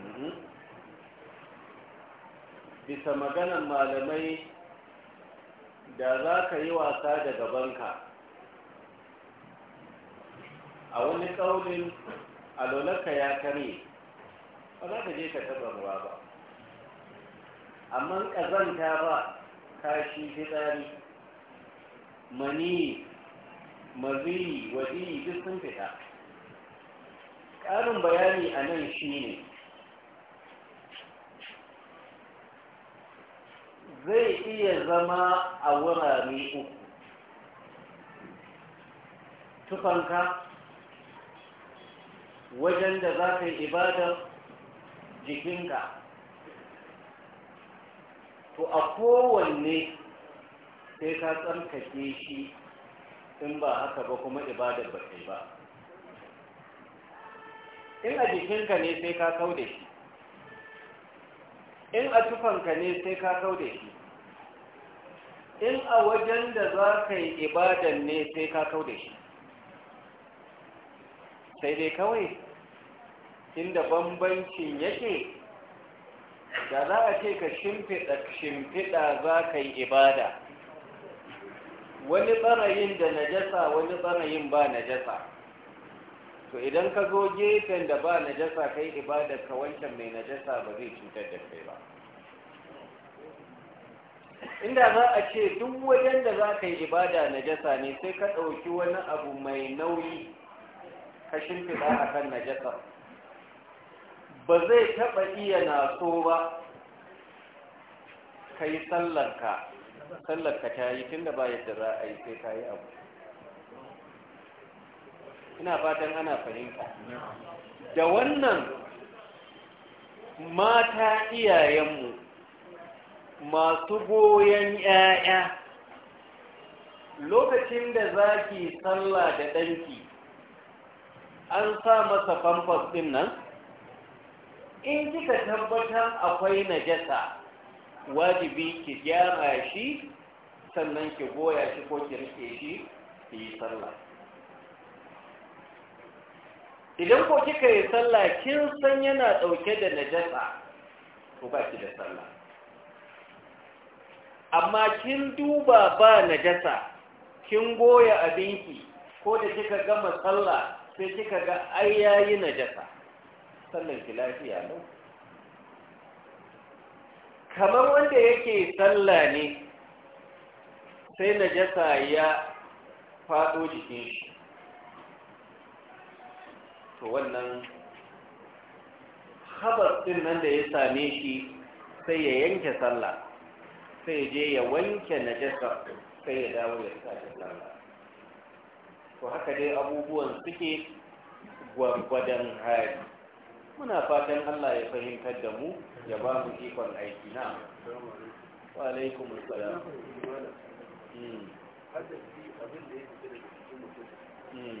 Mm-hmm. bisa maganan malamai da za ka yi wasa da gabanka a wani ƙaunin alolaka ya kare ba za ka je ka taɓa ruwa ba amma ƙazanta ba kashi fitsari mani mazi wadi duk sun fita ƙarin bayani a nan shi ne zai iya zama a wurare uku tufanka wajen da za ka yi ibadar jikinka to a kowanne sai ka tsarkake shi in ba haka ba kuma ibadar ba ba in a jikinka ne sai ka kaude shi in a tufanka ne sai ka kau da shi in a wajen da za ka yi ibadan ne sai ka kau da shi sai dai kawai inda bambancin yake da za a ce ka shimfiɗa za ka yi ibada wani tsarayin da najasa wani tsarayin ba najasa to idan ka zo gefen da ba na najasa kai ibada ka wancan mai na jasa ba zai cutar da kai ba inda za a ce duk wajen da za ka yi ibada na jasa ne sai ka ɗauki wani abu mai nauyi ka shimfiɗa a kan na jasa? ba zai taɓa iya naso ba ka yi sallarka sallarka ta yi tun da ba yadda za a yi sai ka yi abu ina fatan ana fahimta da wannan mata iyayenmu masu goyon 'ya'ya lokacin da za ki sallah da ɗanki an sa masa famfas ɗin nan in kika tabbatar akwai najasa wajibi ki gyara shi sannan ki goya shi ko ki rike shi ki yi sallah idan ko kika yi sallah kin san yana ɗauke da najasa ko ba ki da sallah amma kin duba ba najasa kin goya abinki ko da kika gama sallah sai kika ga ai yayi najasa sallan ki lafiya ne kamar wanda yake sallah ne sai najasa ya faɗo jikin shi to wannan habas din nan da ya same shi sai ya yanke sallah sai ya je ya wanke na najasa sai ya dawo ya sake sallah to haka dai abubuwan suke gwargwadon hari muna fatan Allah ya fahimtar da mu ya ba mu ikon aiki na wa alaikum salam hmm. hmm.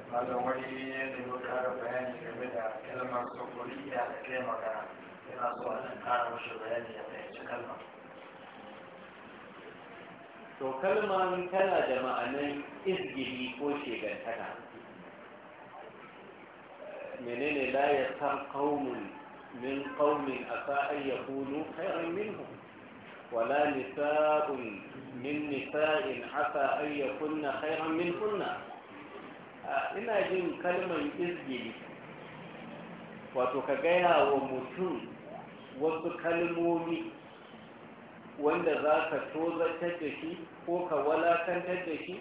malam wani ne da kara bayani game da kalmar sufuriya da kai magana yana so a nan kara mashi bayani ya fahimci kalmar to kalman tana da ma'anan izgiri ko shegantaka menene la ya san qaumun min qaumin asa an yakunu khairan minhum wala nisa'un min nisa'in asa an yakunna khairan minhunna ina jin kalmar izgili wato ka gaya wa mutum wasu kalmomi wanda za ka tozartar da shi ko ka walakantar da shi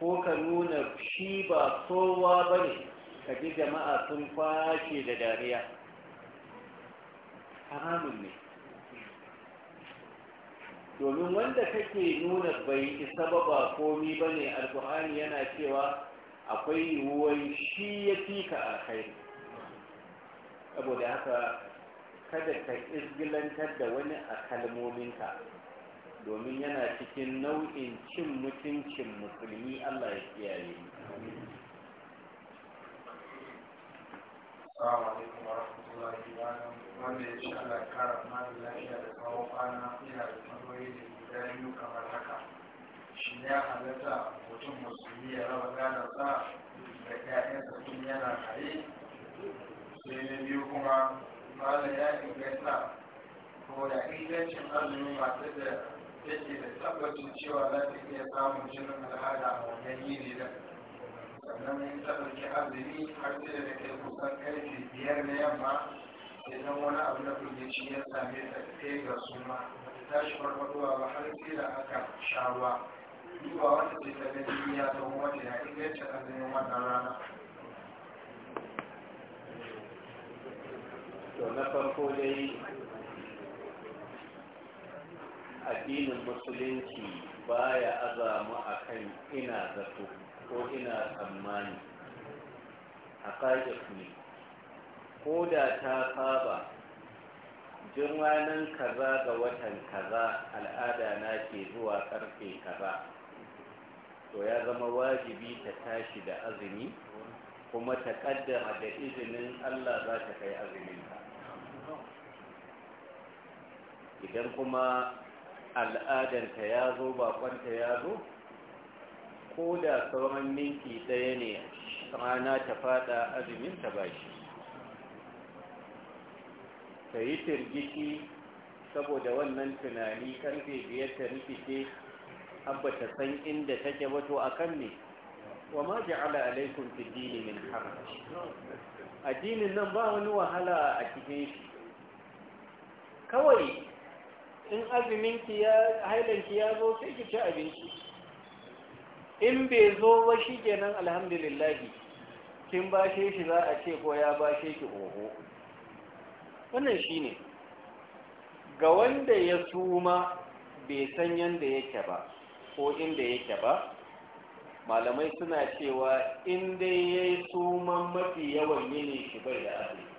ko ka nuna shi ba sowa ba ne ka ji jama'a sun kwashe da dariya haramun ne domin wanda kake nuna bai isa ba ba komi ba ne alkuhani yana cewa akwai yiwuwar shi ya fi ka alkhairi saboda haka kada ka izgilantar da wani a kalmominka domin yana cikin nau'in cin mutuncin musulmi Allah ya kiyaye Assalamu alaikum warahmatullahi wabarakatuh wanda ya ci Allah kara mana lafiya da kawo kwana yana da tambayoyi da guda biyu kamar haka shi ya halatta mutum musulmi ya raba gadarsa da ƴaƴansa tun yana kare sai na biyu kuma malam ya inganta ko da ingancin azumin masu da take da tabbacin cewa za ta iya samun jinin al'ada a wannan yini da sannan in ta ɗauki azumi har sai da kai kusan karfe biyar na yamma idan wani abu na firgici ya same ta kai ga suma ba ta tashi farfadowa ba har sai da aka sha ruwa riba wanda ke ta gani ya zama wanda ya inganta azumin wannan rana to na farko dai addinin musulunci baya azamu a kan ina zato ko ina tsammani a ne ko da ta saba jin ranar kaza ga watan kaza al'ada na ke zuwa ƙarfe kaza to ya zama wajibi ta tashi da azumi kuma ta kaddara da izinin Allah za ta kai azuminta idan kuma al'adanta ya zo bakonta ya zo ko da sauran minti ɗaya ne rana ta fada azuminta ba shi ta yi firgici saboda wannan tunani karfe biyar ta rikice abba ta san inda take wato akan ne wa ma ja'ala alaikum fi dini min haraj addinin nan ba wani wahala a cikin shi kawai in azumin ki ya hailan ki ya zo sai ki ci abinci in bai zo ba shi kenan alhamdulillah kin bashe shi za a ce ko ya bashe ki oho wannan shine ga wanda ya suma bai san yanda yake ba ko inda yake ba malamai suna cewa in dai ya yi tsoman mafi yawan yini shi bai da azumi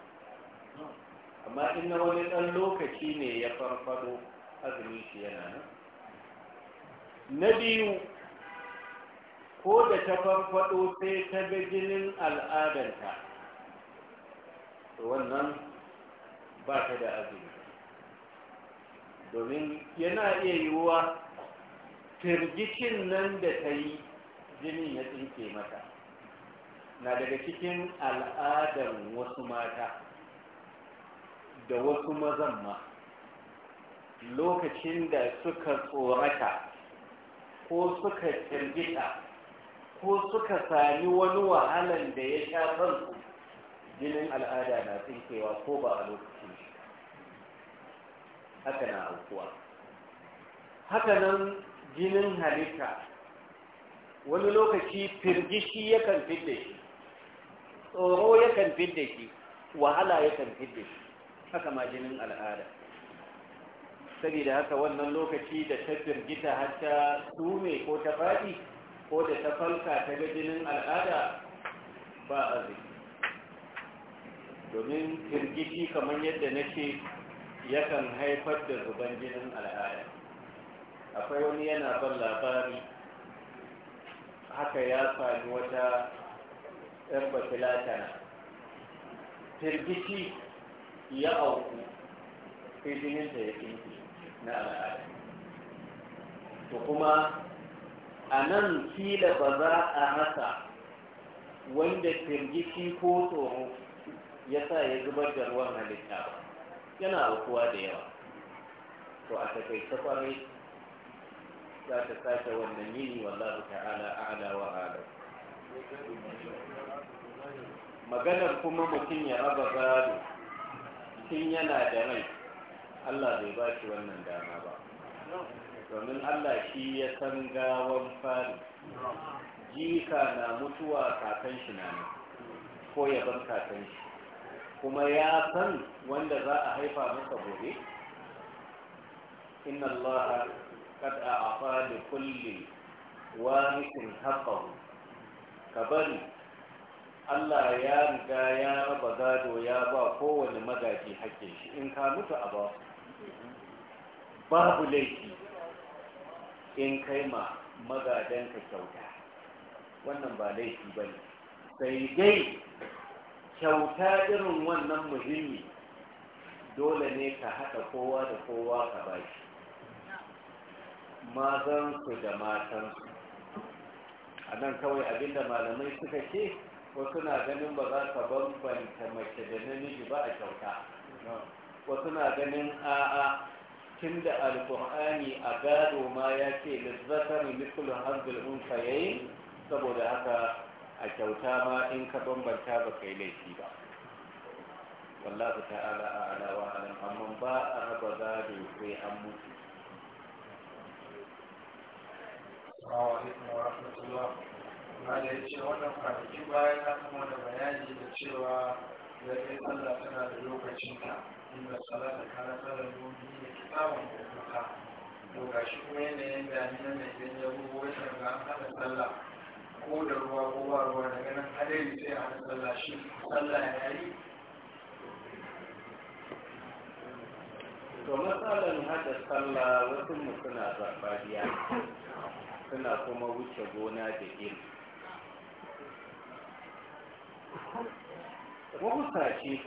amma in wani ɗan lokaci ne ya farfado azumi shi yana nan na biyu ko da ta farfado sai ta ga jinin ta, wannan ba ta da azumi domin yana iya yiwuwa firgicin nan da ta yi jinin ya tsinke mata na daga cikin al'adar wasu mata da wasu mazan ma lokacin da suka tsorata ko suka firgita ko suka sami wani wahalan da ya sha kansu jinin al'ada na tsinkewa ko ba a lokacin shi haka na haka nan jinin halitta wani lokaci firgishi yakan fidda shi tsoro yakan fidda shi wahala yakan fidda shi haka ma jinin al'ada saboda haka wannan lokaci da ta firgita har ta tume ko ta faɗi ko da ta falka ta ga jinin al'ada ba a domin firgishi kamar yadda na ce yakan haifar da zuban jinin al'ada akwai wani yana ban labari haka ya sami wata ‘yan na firgiti ya auku sai ya kinki na al'ada to kuma a nan fila ba za a rasa wanda firgiti ko tsoro ya sa ya zubar da ruwan halitta ba yana aukuwa da yawa to a takaice kwarai za ta sake wannan yini wallahu ta'ala a'la wa ala. maganar kuma mutum ya raba gado tun yana da rai Allah bai ba shi wannan dama ba domin Allah shi ya san gawan fari jika na mutuwa kakan shi na nan ko ya bar kakan shi kuma ya san wanda za a haifa masa gobe inna Allah قد أعطى لكل وارث حقه bari Allah ya riga ya raba gado ya ba kowane magaji hakkin shi in ka mutu a ba babu laifi in kai ma magadanka kyauta wannan ba laifi ba ne sai dai kyauta irin wannan muhimmi dole ne ka haɗa kowa da kowa ka bashi mazansu da matansu a nan kawai abinda malamai suka ce wasu na ganin ba za ka bambanta mace da namiji ba a kyauta wasu na ganin a'a tun da alkur'ani a gado ma ya ce lizzatar mikulun hanzul unsa yayi saboda haka a kyauta ma in ka bambanta ba kai laifi ba wallahu ta'ala a'ala wa amma ba a raba gado sai an mutu Assalamu alaikum wa rahmatullah. Mala ya ce wannan kwanaki baya na kuma da bayani da cewa da ya sallah tana da lokacinta inda sallah da kana tsara domin da kitabun da kuka. To ga shi kuma yanayin damina mai idan ya bugu wata ga an hada sallah ko da ruwa ko ba ruwa daga nan hadari sai a hada sallah shi sallah ya yi to matsalar hada sallah wasu mu na zaɓa biya suna kuma wuce gona da iri mafusashi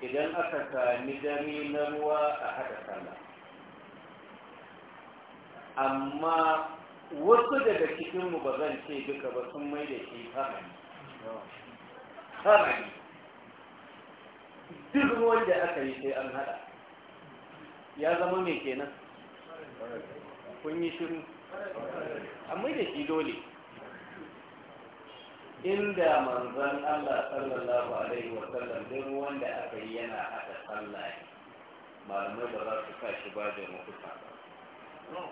idan aka sami dare na ruwa a haɗa sama amma wasu daga cikinmu ba zan ce duka ba sun mai da shi tsamani tsamani duk wanda aka yi sai an haɗa ya zama mai kenan kun yi shiru amma da shi dole inda manzan Allah sallallahu alaihi wa sallam duk wanda aka yi yana hada sallah malamai ba za su sa shi bajin mafuta ba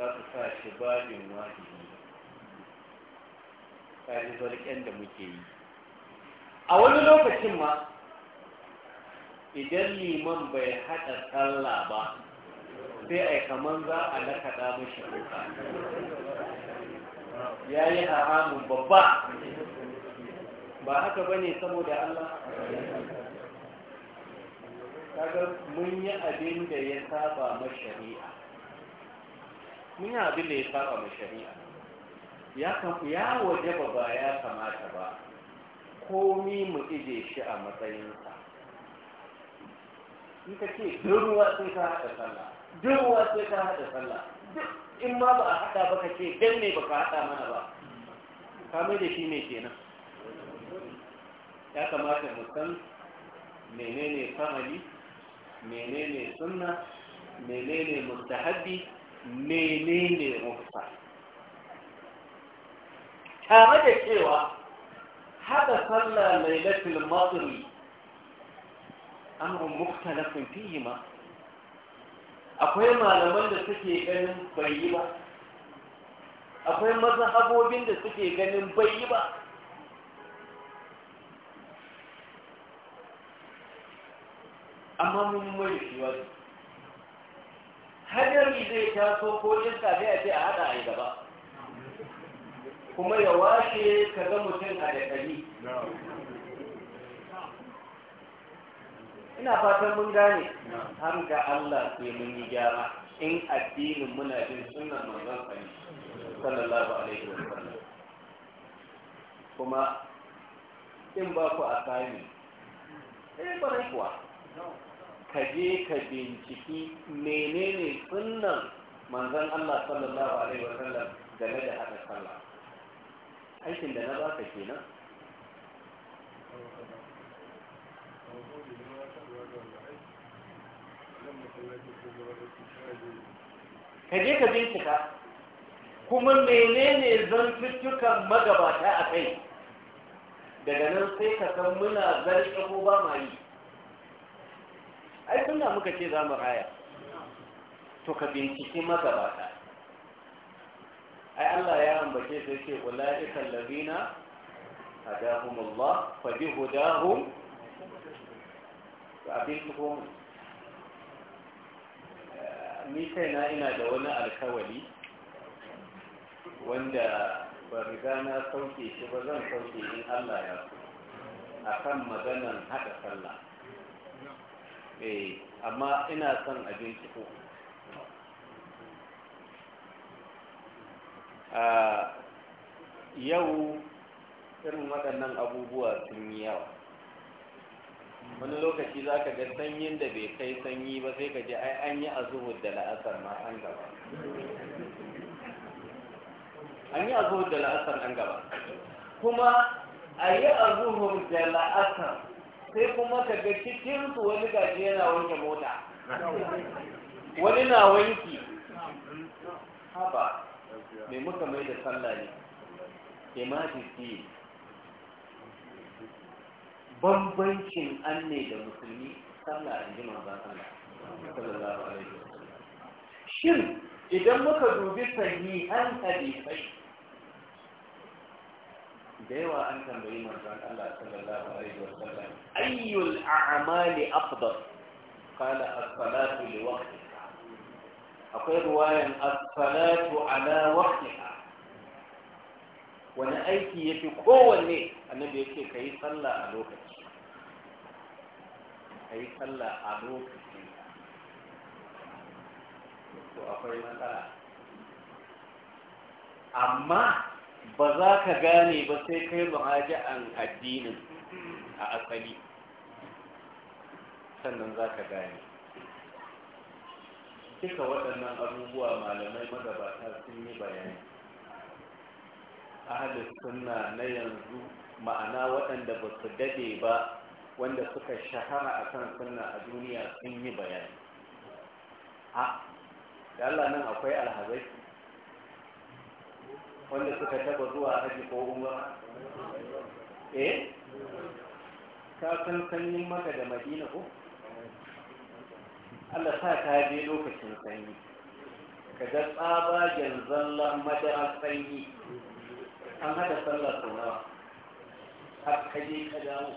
za su sa shi bajin wajibi kayan zarken da muke yi a wani lokacin ma idan liman bai haɗa sallah ba sai a yi kaman za a nakaɗa mashi wuka ya yi haramun babba ba haka ba ne saboda Allah kaga mun yi abin da ya saba mashari'a mun yi abin da ya saba mashari'a ya ya waje ba ya kamata ba komi mu ije shi a matsayinsa in ka ce duk ruwa sun ka haɗa sallah duk sai ka haɗa sallah duk in ma ba a haɗa ba ka ce dan ne ba ka haɗa mana ba kamar da shi ne kenan ya kamata mu san menene famali menene sunna menene mustahabi menene rufsa tare da cewa haɗa sallah lailatul matri amrun mukhtalafin fihi ma akwai malaman da suke ganin bai yi ba akwai mazhabobin da suke ganin bai yi ba amma mun mai shi wani hadari zai taso ko yin kaje a ce a hada a yi gaba kuma ya washe ka ga mutum a da ina fatan mun gane har ga Allah sai mun yi gyara in addinin muna jin sunan manzon sa sallallahu alaihi wa sallam kuma in ba ku asani eh bare kuwa ka je ka binciki menene sunan manzon Allah sallallahu alaihi wa sallam game da haka sallah aikin da na ba ka kenan ka je ka bincika kuma menene zantuttukan magabata a kai daga nan sai ka san muna zarce ko ba ma yi ai suna muka ce za mu raya to ka binciki magabata ai Allah ya ambace su yake ulaika allazina hadahumullah fa bihudahum fa abin ko mu ni kaina ina da wani alkawali wanda ba riga na sauke shi ba zan sauke in Allah ya so a kan maganan haɗa sallah eh amma ina son a ko. a yau irin waɗannan abubuwa sun yi yawa wani lokaci za ka ga sanyin da bai kai sanyi ba sai ka ji ai an yi azuhud da la'asar ma an gaba an yi azuhud da la'asar an gaba kuma a yi a azuhud da la'asar sai kuma ka ga su wani gaji yana wanke mota wani na wanki haba mai muka mai da sallah ne imajisi bambancin an ne da musulmi sallah a jima ba sallah shin idan muka dubi sahi an hadisai da yawa an tambayi manzon Allah sallallahu alaihi wasallam ayyul a'mali afdal qala as-salatu li waqtiha akwai ruwayan as-salatu ala waqtiha wani aiki yafi kowanne annabi yake kai sallah a lokaci ka yi a lokacin to akwai matsala amma ba za ka gane ba sai kai an addinin a asali sannan za ka gane duka waɗannan abubuwa malamai magabata sun yi bayani ahalin suna na yanzu ma'ana waɗanda ba su dade ba wanda suka shahara a kan sunna a duniya sun yi bayani a da Allah nan akwai alhazai wanda suka taba zuwa haji ko umra eh ka san sanyin maka da madina ko Allah sa ta je lokacin sanyi ka ga tsabagen zallan madara sanyi an haɗa sallar sunawa har ka je ka dawo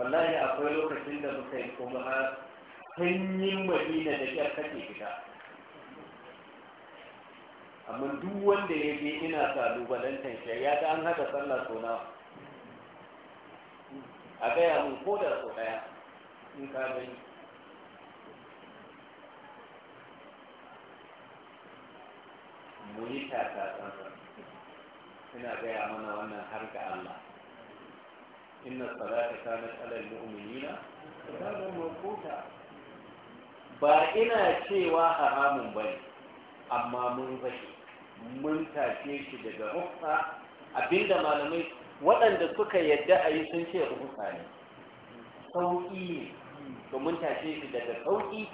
wallahi akwai lokacin da muka yi kuma har sanyin madina da kyar kake fita amma duk wanda ya je ina kalubalantar shi ya ga an haɗa sallah sau a gaya mun ko da sau ɗaya in ka gani ta yi tasa ina gaya mana wannan har ga Allah إن الصلاة كانت على المؤمنين كتابا موقوتا ba ina cewa haramun ba ne amma mun zaki mun tafe shi daga rufsa abinda malamai waɗanda suka yadda a yi sun ce rufsa ne sauƙi ne to mun tafe shi daga sauƙi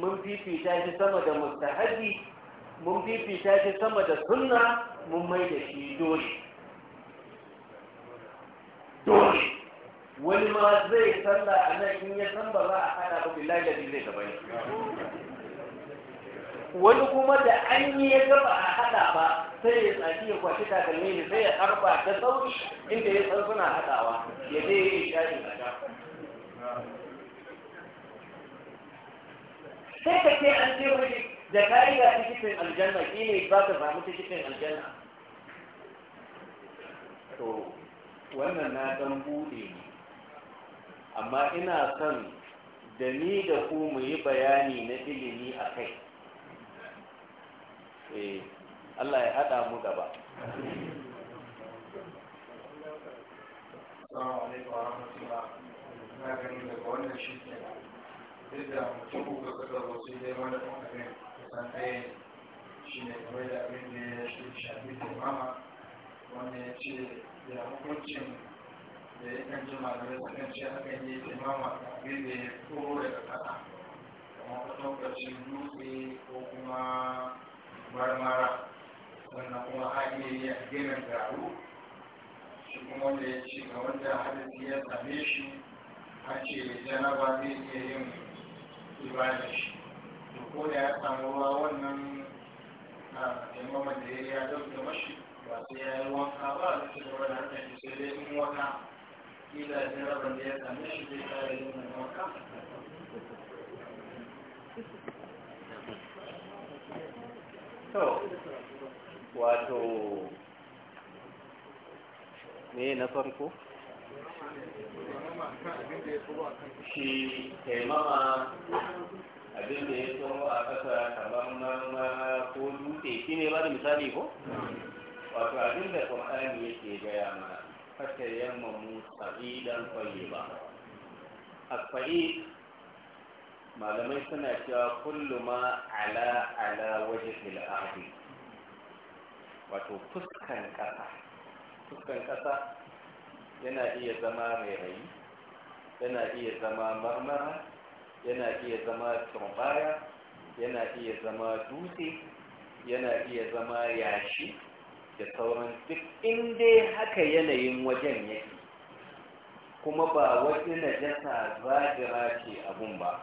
mun fifita shi sama da mustahabi mun fifita shi sama da sunna mun mai da shi dole wani ma zai sallah a nan in ya san ba za a hada ba billahi da zai gaba ne wani kuma da an yi ya gaba a hada ba sai ya tsaki ya ta takalmi ne sai ya karba ta sauri inda ya san suna hadawa ya je ya yi shaɗi sai ka ce an ce wani da ka ga cikin aljanna shi ne ba ka samu cikin aljanna to wannan na dan bude ne amma ina son da ni da ku mu yi bayani na ilimi a kai eh Allah ya haɗa mu gaba da ya kan ji malamai su kan ce akan yi imama abin da ya koro daga ko kuma marmara kuma a iya ginin kuma wanda ya ce ga wanda ya same shi ce zai iya yin to ko da ya samu ruwa wannan da ya mashi ba sai ya yi wanka ba a wata kila jarabar da ya shi zai to wato ne na farko shi abin da ya tsoro a kasa kamar marmara ko dutse shi ne ba da misali ko wato abin da ƙwararri yake gaya mana fatayammamu sa'idan tayyiba A kwalli, malamai suna cewa kullu ma ala ala wajhil ardi wato fuskan ƙasa fuskan ƙasa yana iya zama rairayi yana iya zama marmara yana iya zama turbaya yana iya zama dutse yana iya zama yashi da sauran duk inda haka yanayin wajen yake kuma ba wata najasa zagira ce abun ba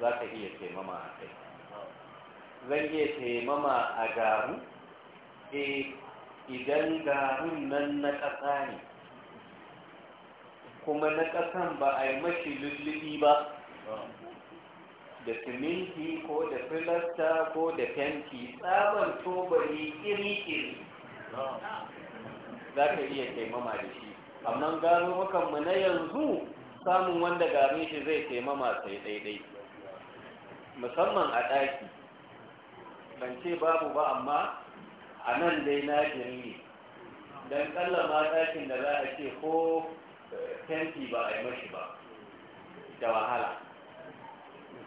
za ka iya taimama a kai zan iya taimama a garu e idan garun nan na ƙasa ne kuma na ƙasan ba a yi mashi lullubi ba da siminti ko da filasta ko da fenti tsaban tobari iri-iri za ka iya taimama da shi amma gano makanmu na yanzu samun wanda gare shi zai taimama sai daidai musamman a daki ban ce babu ba amma a nan dai na jiri ne don kallama dakin da za a ce ko eh, fenti ba a yi mashi ba da wahala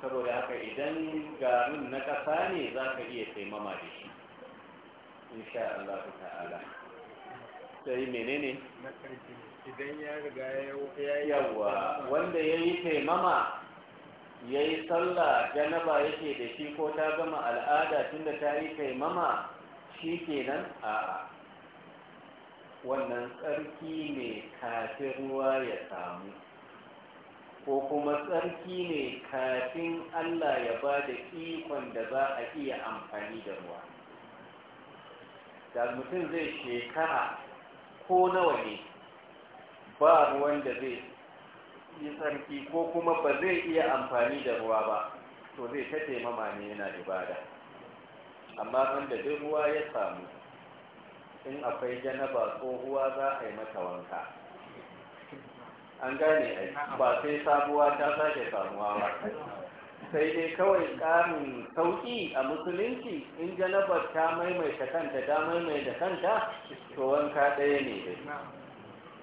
saboda haka idan garin na ƙasa ne za ka iya taimama da shi insha Allah ta'ala sai menene idan ya riga ya yawa wanda ya yi taimama ya yi sallah janaba yake da shi ko ta gama al'ada tunda ta yi taimama shi kenan a'a wannan tsarki ne kafin ruwa ya samu ko kuma tsarki ne kafin allah ya ba da ikon da za a iya amfani da ruwa da mutum zai shekara ko nawa ne ba ruwan da zai yi tsarki ko kuma ba zai iya amfani da ruwa ba to zai ta taimama ne yana ibada amma wanda duk ruwa ya samu in akwai janaba ruwa za a yi mata wanka an gane ba sai sabuwa ta sake samuwa ba sai dai kawai ƙarin sauƙi a musulunci in janabar ta maimaita kanta ta maimaita kanta to wanka ɗaya ne dai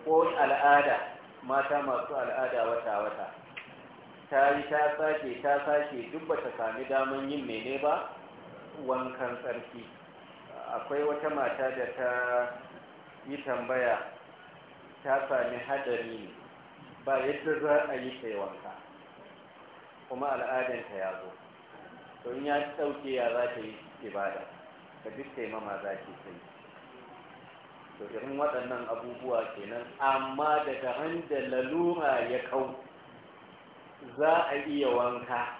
ko al'ada mata masu al'ada wata-wata ta yi ta sake ta sake duk ba ta sami daman yin mene ba wankan tsarki akwai wata mata da ta yi tambaya ta sami hadari ne ba yadda za a yi wanka kuma al'adanta ya zo to in ya ɗauke ya za ta yi ibada ka duk taimama za ta yi to irin waɗannan abubuwa kenan amma daga handa lalura ya kau za a iya wanka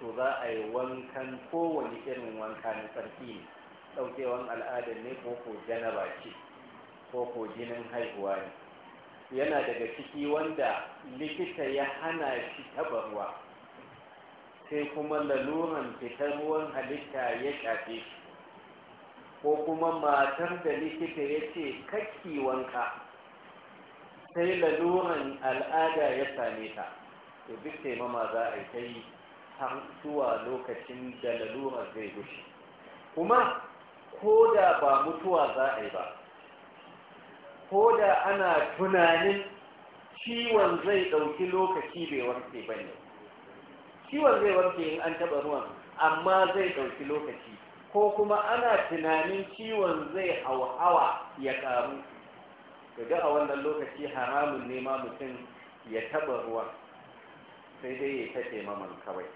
to za a yi wankan kowane irin wanka na tsarki ne ɗaukewan al'adar ne ko ko janaba ce ko ko jinin haihuwa ne yana daga ciki wanda likita ya hana shi taɓa ruwa sai kuma laluran fitar ruwan halitta ya shafe ko kuma matar da likita ya ce kakki wanka sai laluran al'ada ya same ta to duk taimama za a yi ta yi har zuwa lokacin da lalurar zai gushe kuma ko da ba mutuwa za a yi ba ko da ana tunanin ciwon zai ɗauki lokaci bai warke ba ne ciwon zai warke in an taɓa ruwan amma zai ɗauki lokaci ko kuma ana tunanin ciwon zai hauhawa ya ƙaru daga a wannan lokaci haramun ne ma mutum ya taɓa ruwa sai dai ya ta taimaman kawai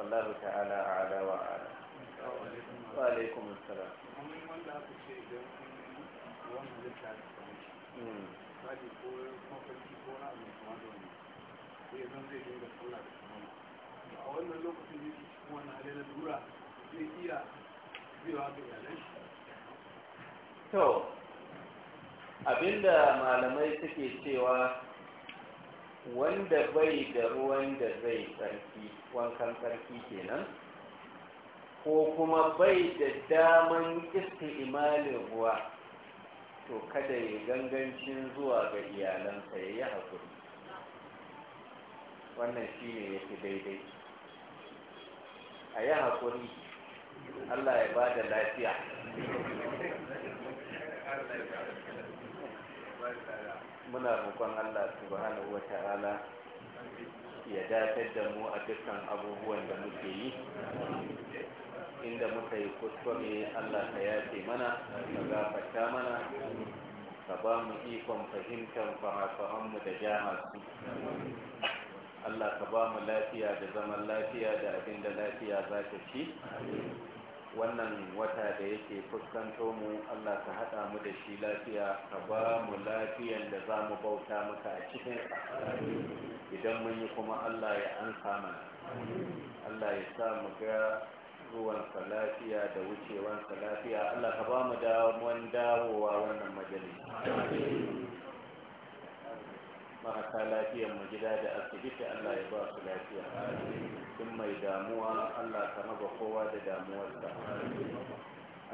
Allah ta'ala a ala a ala alaikum assalam hmm. da to abinda malamai suke cewa wanda bai da ruwan da zai tsarki wankan tsarki kenan ko kuma bai da daman imanin ruwa to kada ya gangancin zuwa ga iyalansa ya yi haƙuri wannan shi ne ya fi daidai a yi haƙuri allah ya ba da lafiya muna bukon allah subhanahu wa ta'ala ya datar da mu a dukkan abubuwan da muke yi inda muka yi kuskure allah ka yafe mana ka gafarta mana ka ba mu ikon fahimtar fara mu da jama'a su Allah ka ba mu lafiya da zaman lafiya da abin da lafiya za ta ci wannan wata da yake fuskanto mu Allah ka haɗa mu da shi lafiya ka ba mu lafiyan da za mu bauta maka a cikin idan mun yi kuma Allah ya an mana Allah ya sa mu ga ruwansa lafiya da wucewansa lafiya Allah ka ba mu dawowa wannan majalisa marasa lafiyar mu gida da asibiti Allah ya ba su lafiya duk mai damuwa Allah ka raba kowa da damuwarsa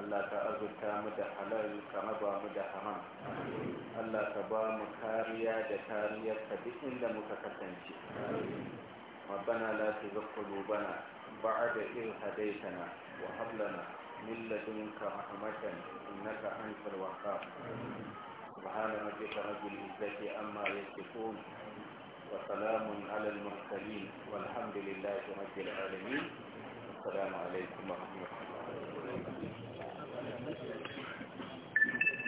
Allah ka azurta mu da halal ka raba mu da haram Allah ka ba mu kariya da kariyar ka duk inda muka kasance ربنا لا تزغ قلوبنا بعد إذ هديتنا وهب لنا من لدنك رحمة إنك أنت الوهاب سبحان ربك رب العزة عما يصفون وسلام على المرسلين والحمد لله رب العالمين السلام عليكم ورحمة الله